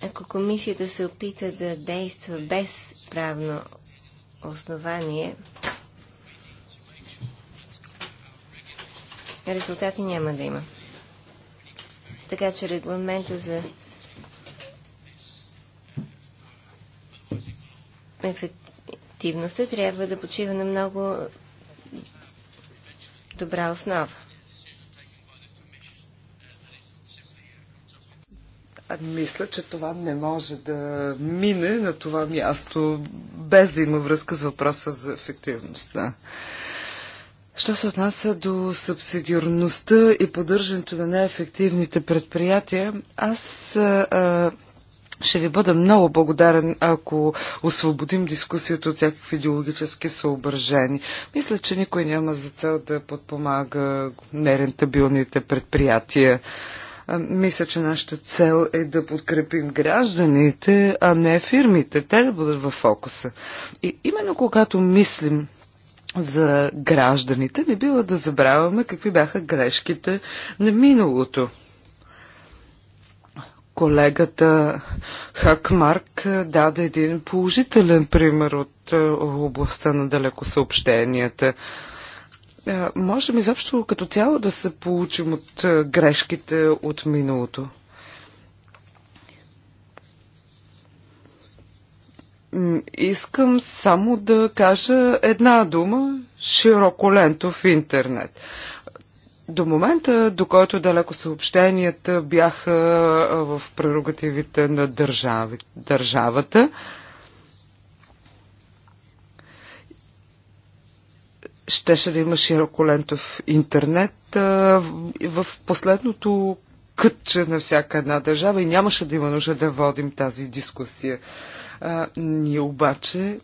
ако комисията се опита да действа без правно основание, резултати няма да има. Така че регламента за ефективността трябва да почива на много добра основа. Мисля, че това не може да мине на това място, без да има връзка с въпроса за ефективността. Що се отнася до субсидиорността и поддържането на неефективните предприятия, аз а, ще ви бъда много благодарен, ако освободим дискусията от всякакви идеологически съображения. Мисля, че никой няма за цел да подпомага нерентабилните предприятия. Мисля, че нашата цел е да подкрепим гражданите, а не фирмите. Те да бъдат в фокуса. И именно когато мислим за гражданите, не бива да забравяме какви бяха грешките на миналото. Колегата Хакмарк даде един положителен пример от областта на далекосъобщенията. съобщенията е, можем изобщо като цяло да се получим от е, грешките от миналото? Искам само да кажа една дума широколентов интернет. До момента, до който далеко съобщенията бяха е, в прерогативите на държави, държавата, щеше да има широколентов интернет а, в последното кътче на всяка една държава и нямаше да има нужда да водим тази дискусия. А, ние обаче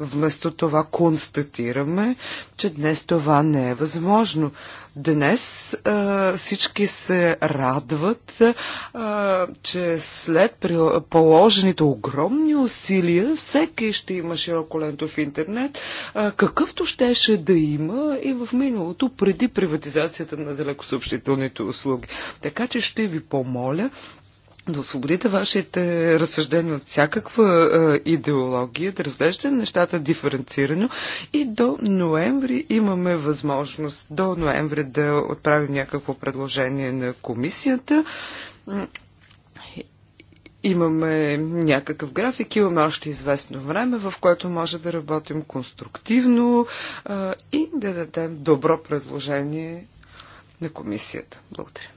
Вместо това констатираме, че днес това не е възможно. Днес а, всички се радват, а, че след положените огромни усилия, всеки ще има широко интернет, а, какъвто щеше да има и в миналото, преди приватизацията на далекосъобщителните услуги. Така че ще ви помоля да освободите вашите разсъждения от всякаква а, идеология, да разглеждате нещата диференцирано и до ноември имаме възможност до ноември да отправим някакво предложение на комисията. Имаме някакъв график, имаме още известно време, в което може да работим конструктивно а, и да дадем добро предложение на комисията. Благодаря.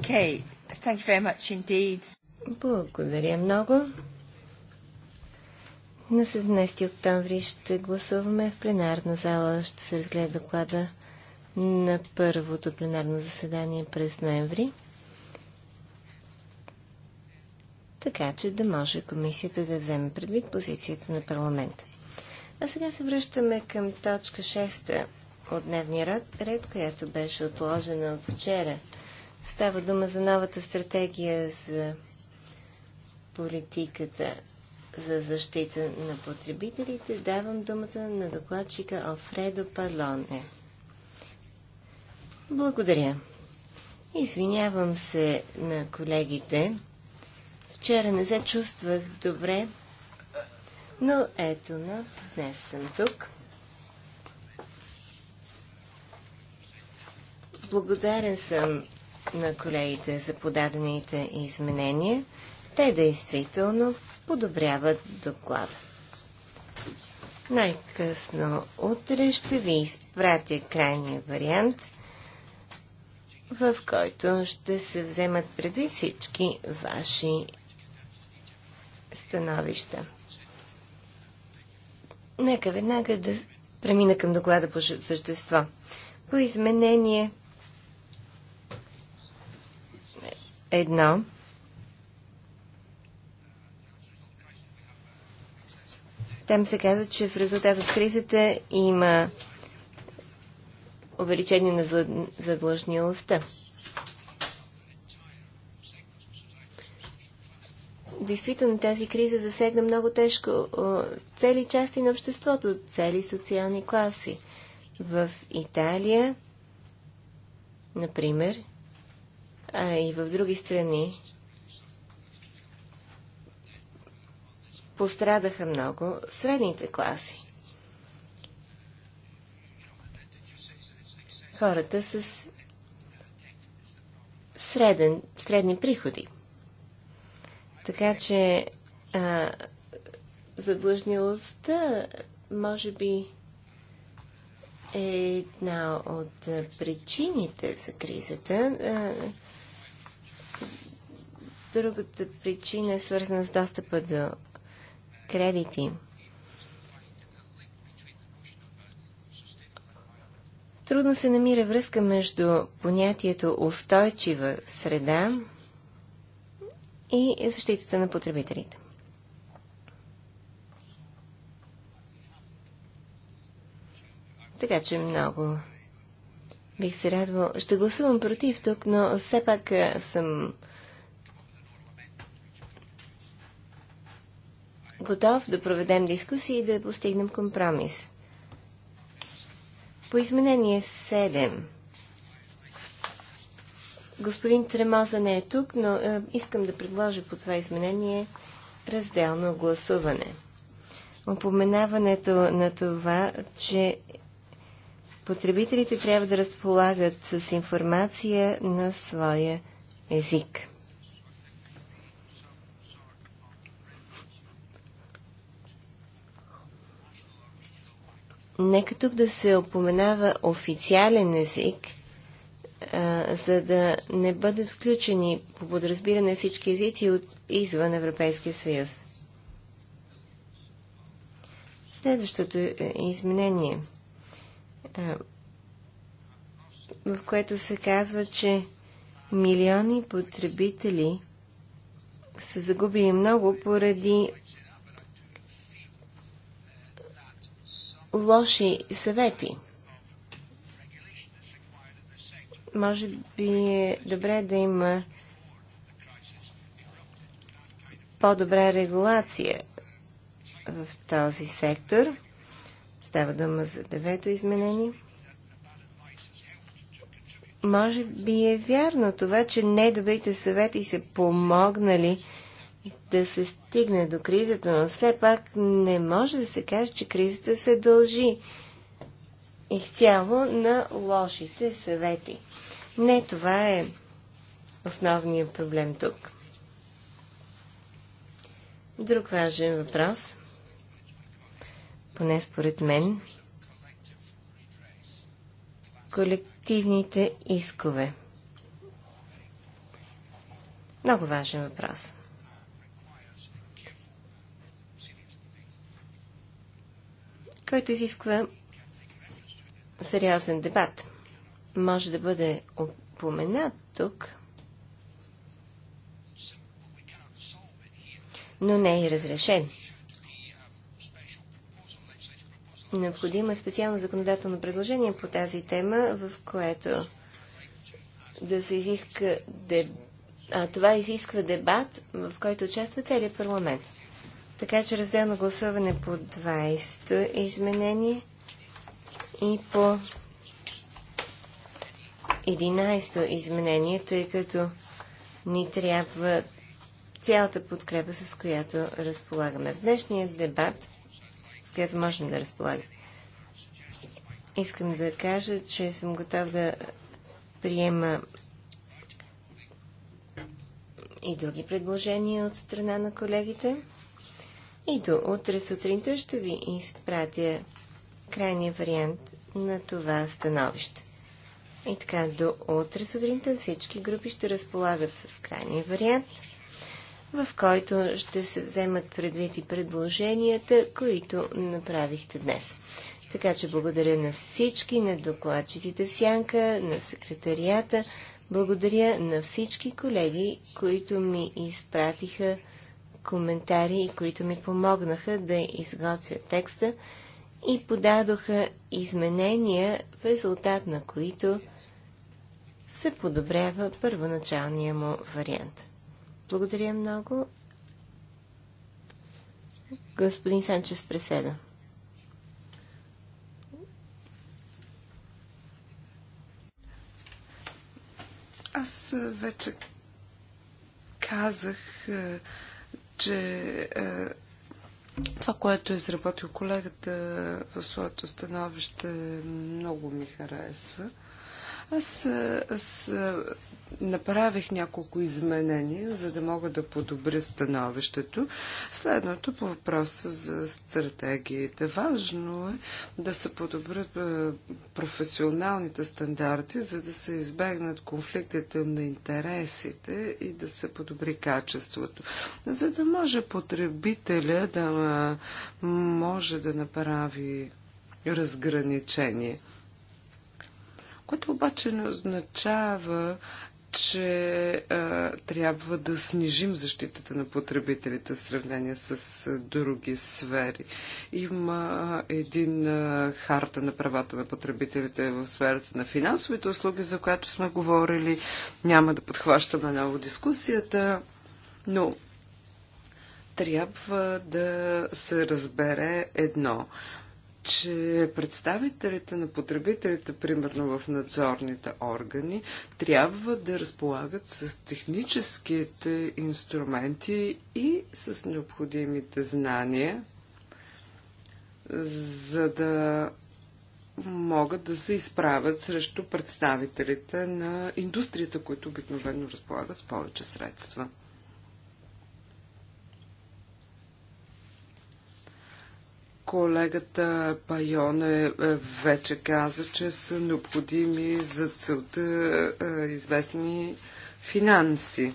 Okay. Thank you very much indeed. Благодаря много. На 17 октомври ще гласуваме в пленарна зала. Ще се разгледа доклада на първото пленарно заседание през ноември. Така че да може комисията да вземе предвид позицията на парламента. А сега се връщаме към точка 6 от дневния ред, която беше отложена от вчера – Става дума за новата стратегия за политиката за защита на потребителите. Давам думата на докладчика Алфредо Палоне. Благодаря. Извинявам се на колегите. Вчера не се чувствах добре, но ето на днес съм тук. Благодарен съм на колегите за подадените изменения. Те действително подобряват доклада. Най-късно утре ще ви изпратя крайния вариант, в който ще се вземат предвид всички ваши становища. Нека веднага да премина към доклада по същество. По изменение Едно. Там се казва, че в резултат от кризата има увеличение на задлъжнилостта. Действително тази криза засегна много тежко цели части на обществото, цели социални класи. В Италия, например, а и в други страни пострадаха много средните класи. Хората с среден, средни приходи. Така че а, задлъжнилостта може би е една от причините за кризата. А, Другата причина е свързана с достъпа до кредити. Трудно се намира връзка между понятието устойчива среда и защитата на потребителите. Така че много бих се радвал. Ще гласувам против тук, но все пак съм готов да проведем дискусии и да постигнем компромис. По изменение 7. Господин Тремоза не е тук, но е, искам да предложа по това изменение разделно гласуване. Опоменаването на това, че потребителите трябва да разполагат с информация на своя език. нека тук да се опоменава официален език, а, за да не бъдат включени по подразбиране всички езици от извън Европейския съюз. Следващото е, е, изменение, а, в което се казва, че милиони потребители са загубили много поради лоши съвети. Може би е добре да има по-добра регулация в този сектор. Става дума за девето изменение. Може би е вярно това, че недобрите съвети са помогнали да се стигне до кризата, но все пак не може да се каже, че кризата се дължи изцяло на лошите съвети. Не, това е основният проблем тук. Друг важен въпрос, поне според мен, колективните искове. Много важен въпрос. който изисква сериозен дебат. Може да бъде упоменат тук, но не е разрешен. Необходимо е специално законодателно предложение по тази тема, в което да се изиска деб... а, това изисква дебат, в който участва целият парламент. Така че разделно гласуване по 20-то изменение и по 11-то изменение, тъй като ни трябва цялата подкрепа, с която разполагаме. В днешния дебат, с която можем да разполагаме, искам да кажа, че съм готов да приема и други предложения от страна на колегите. И до утре сутринта ще ви изпратя крайния вариант на това становище. И така, до утре сутринта всички групи ще разполагат с крайния вариант, в който ще се вземат предвид и предложенията, които направихте днес. Така че благодаря на всички, на докладчиците Сянка, на секретарията, благодаря на всички колеги, които ми изпратиха коментари, които ми помогнаха да изготвя текста и подадоха изменения, в резултат на които се подобрява първоначалния му вариант. Благодаря много. Господин Санчес Преседа. Аз вече казах, че е, това, което е изработил колегата в своето становище, много ми харесва. Аз, аз направих няколко изменения, за да мога да подобря становището. Следното по въпроса за стратегиите. Важно е да се подобрят професионалните стандарти, за да се избегнат конфликтите на интересите и да се подобри качеството. За да може потребителя да може да направи разграничение което обаче не означава, че а, трябва да снижим защитата на потребителите в сравнение с а, други сфери. Има един а, харта на правата на потребителите в сферата на финансовите услуги, за която сме говорили. Няма да подхващаме ново дискусията, но трябва да се разбере едно че представителите на потребителите, примерно в надзорните органи, трябва да разполагат с техническите инструменти и с необходимите знания, за да могат да се изправят срещу представителите на индустрията, които обикновено разполагат с повече средства. Колегата Пайоне е, вече каза, че са необходими за целта е, известни финанси.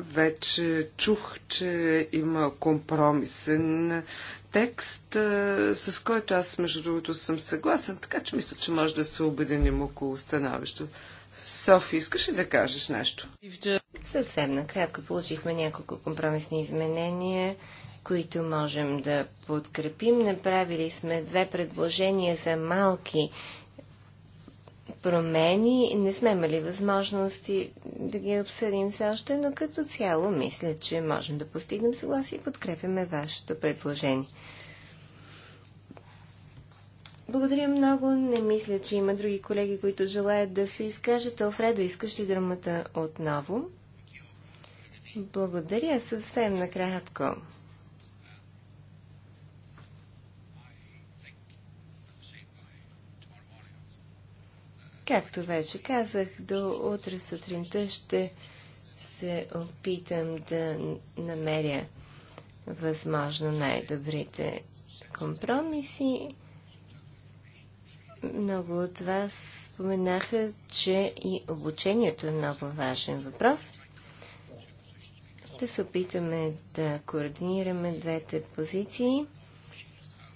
вече чух, че има компромисен текст, е, с който аз, между другото, съм съгласен, така че мисля, че може да се обединим около становището. Софи, искаш ли да кажеш нещо? Съвсем накратко получихме няколко компромисни изменения, които можем да подкрепим. Направили сме две предложения за малки промени. Не сме имали възможности да ги обсъдим все още, но като цяло мисля, че можем да постигнем съгласие и подкрепяме вашето предложение. Благодаря много. Не мисля, че има други колеги, които желаят да се изкажат. Алфредо, искаш ли драмата отново? Благодаря съвсем накратко. Както вече казах, до утре сутринта ще се опитам да намеря възможно най-добрите компромиси. Много от вас споменаха, че и обучението е много важен въпрос. Да се опитаме да координираме двете позиции,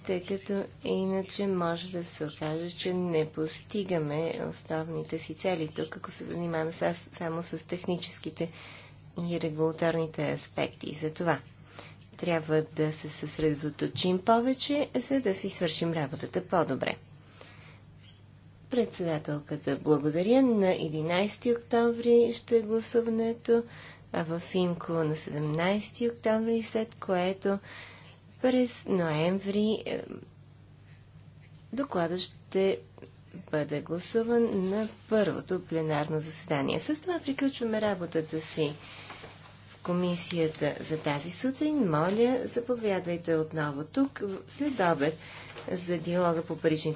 тъй като иначе може да се окаже, че не постигаме основните си цели тук, ако се занимаваме само с техническите и регулаторните аспекти. За това трябва да се съсредоточим повече, за да си свършим работата по-добре. Председателката, благодаря. На 11 октомври ще е гласуването, а в Имко на 17 октомври, след което през ноември е, докладът ще бъде гласуван на първото пленарно заседание. С това приключваме работата си в комисията за тази сутрин. Моля, заповядайте отново тук след обед за диалога по паричните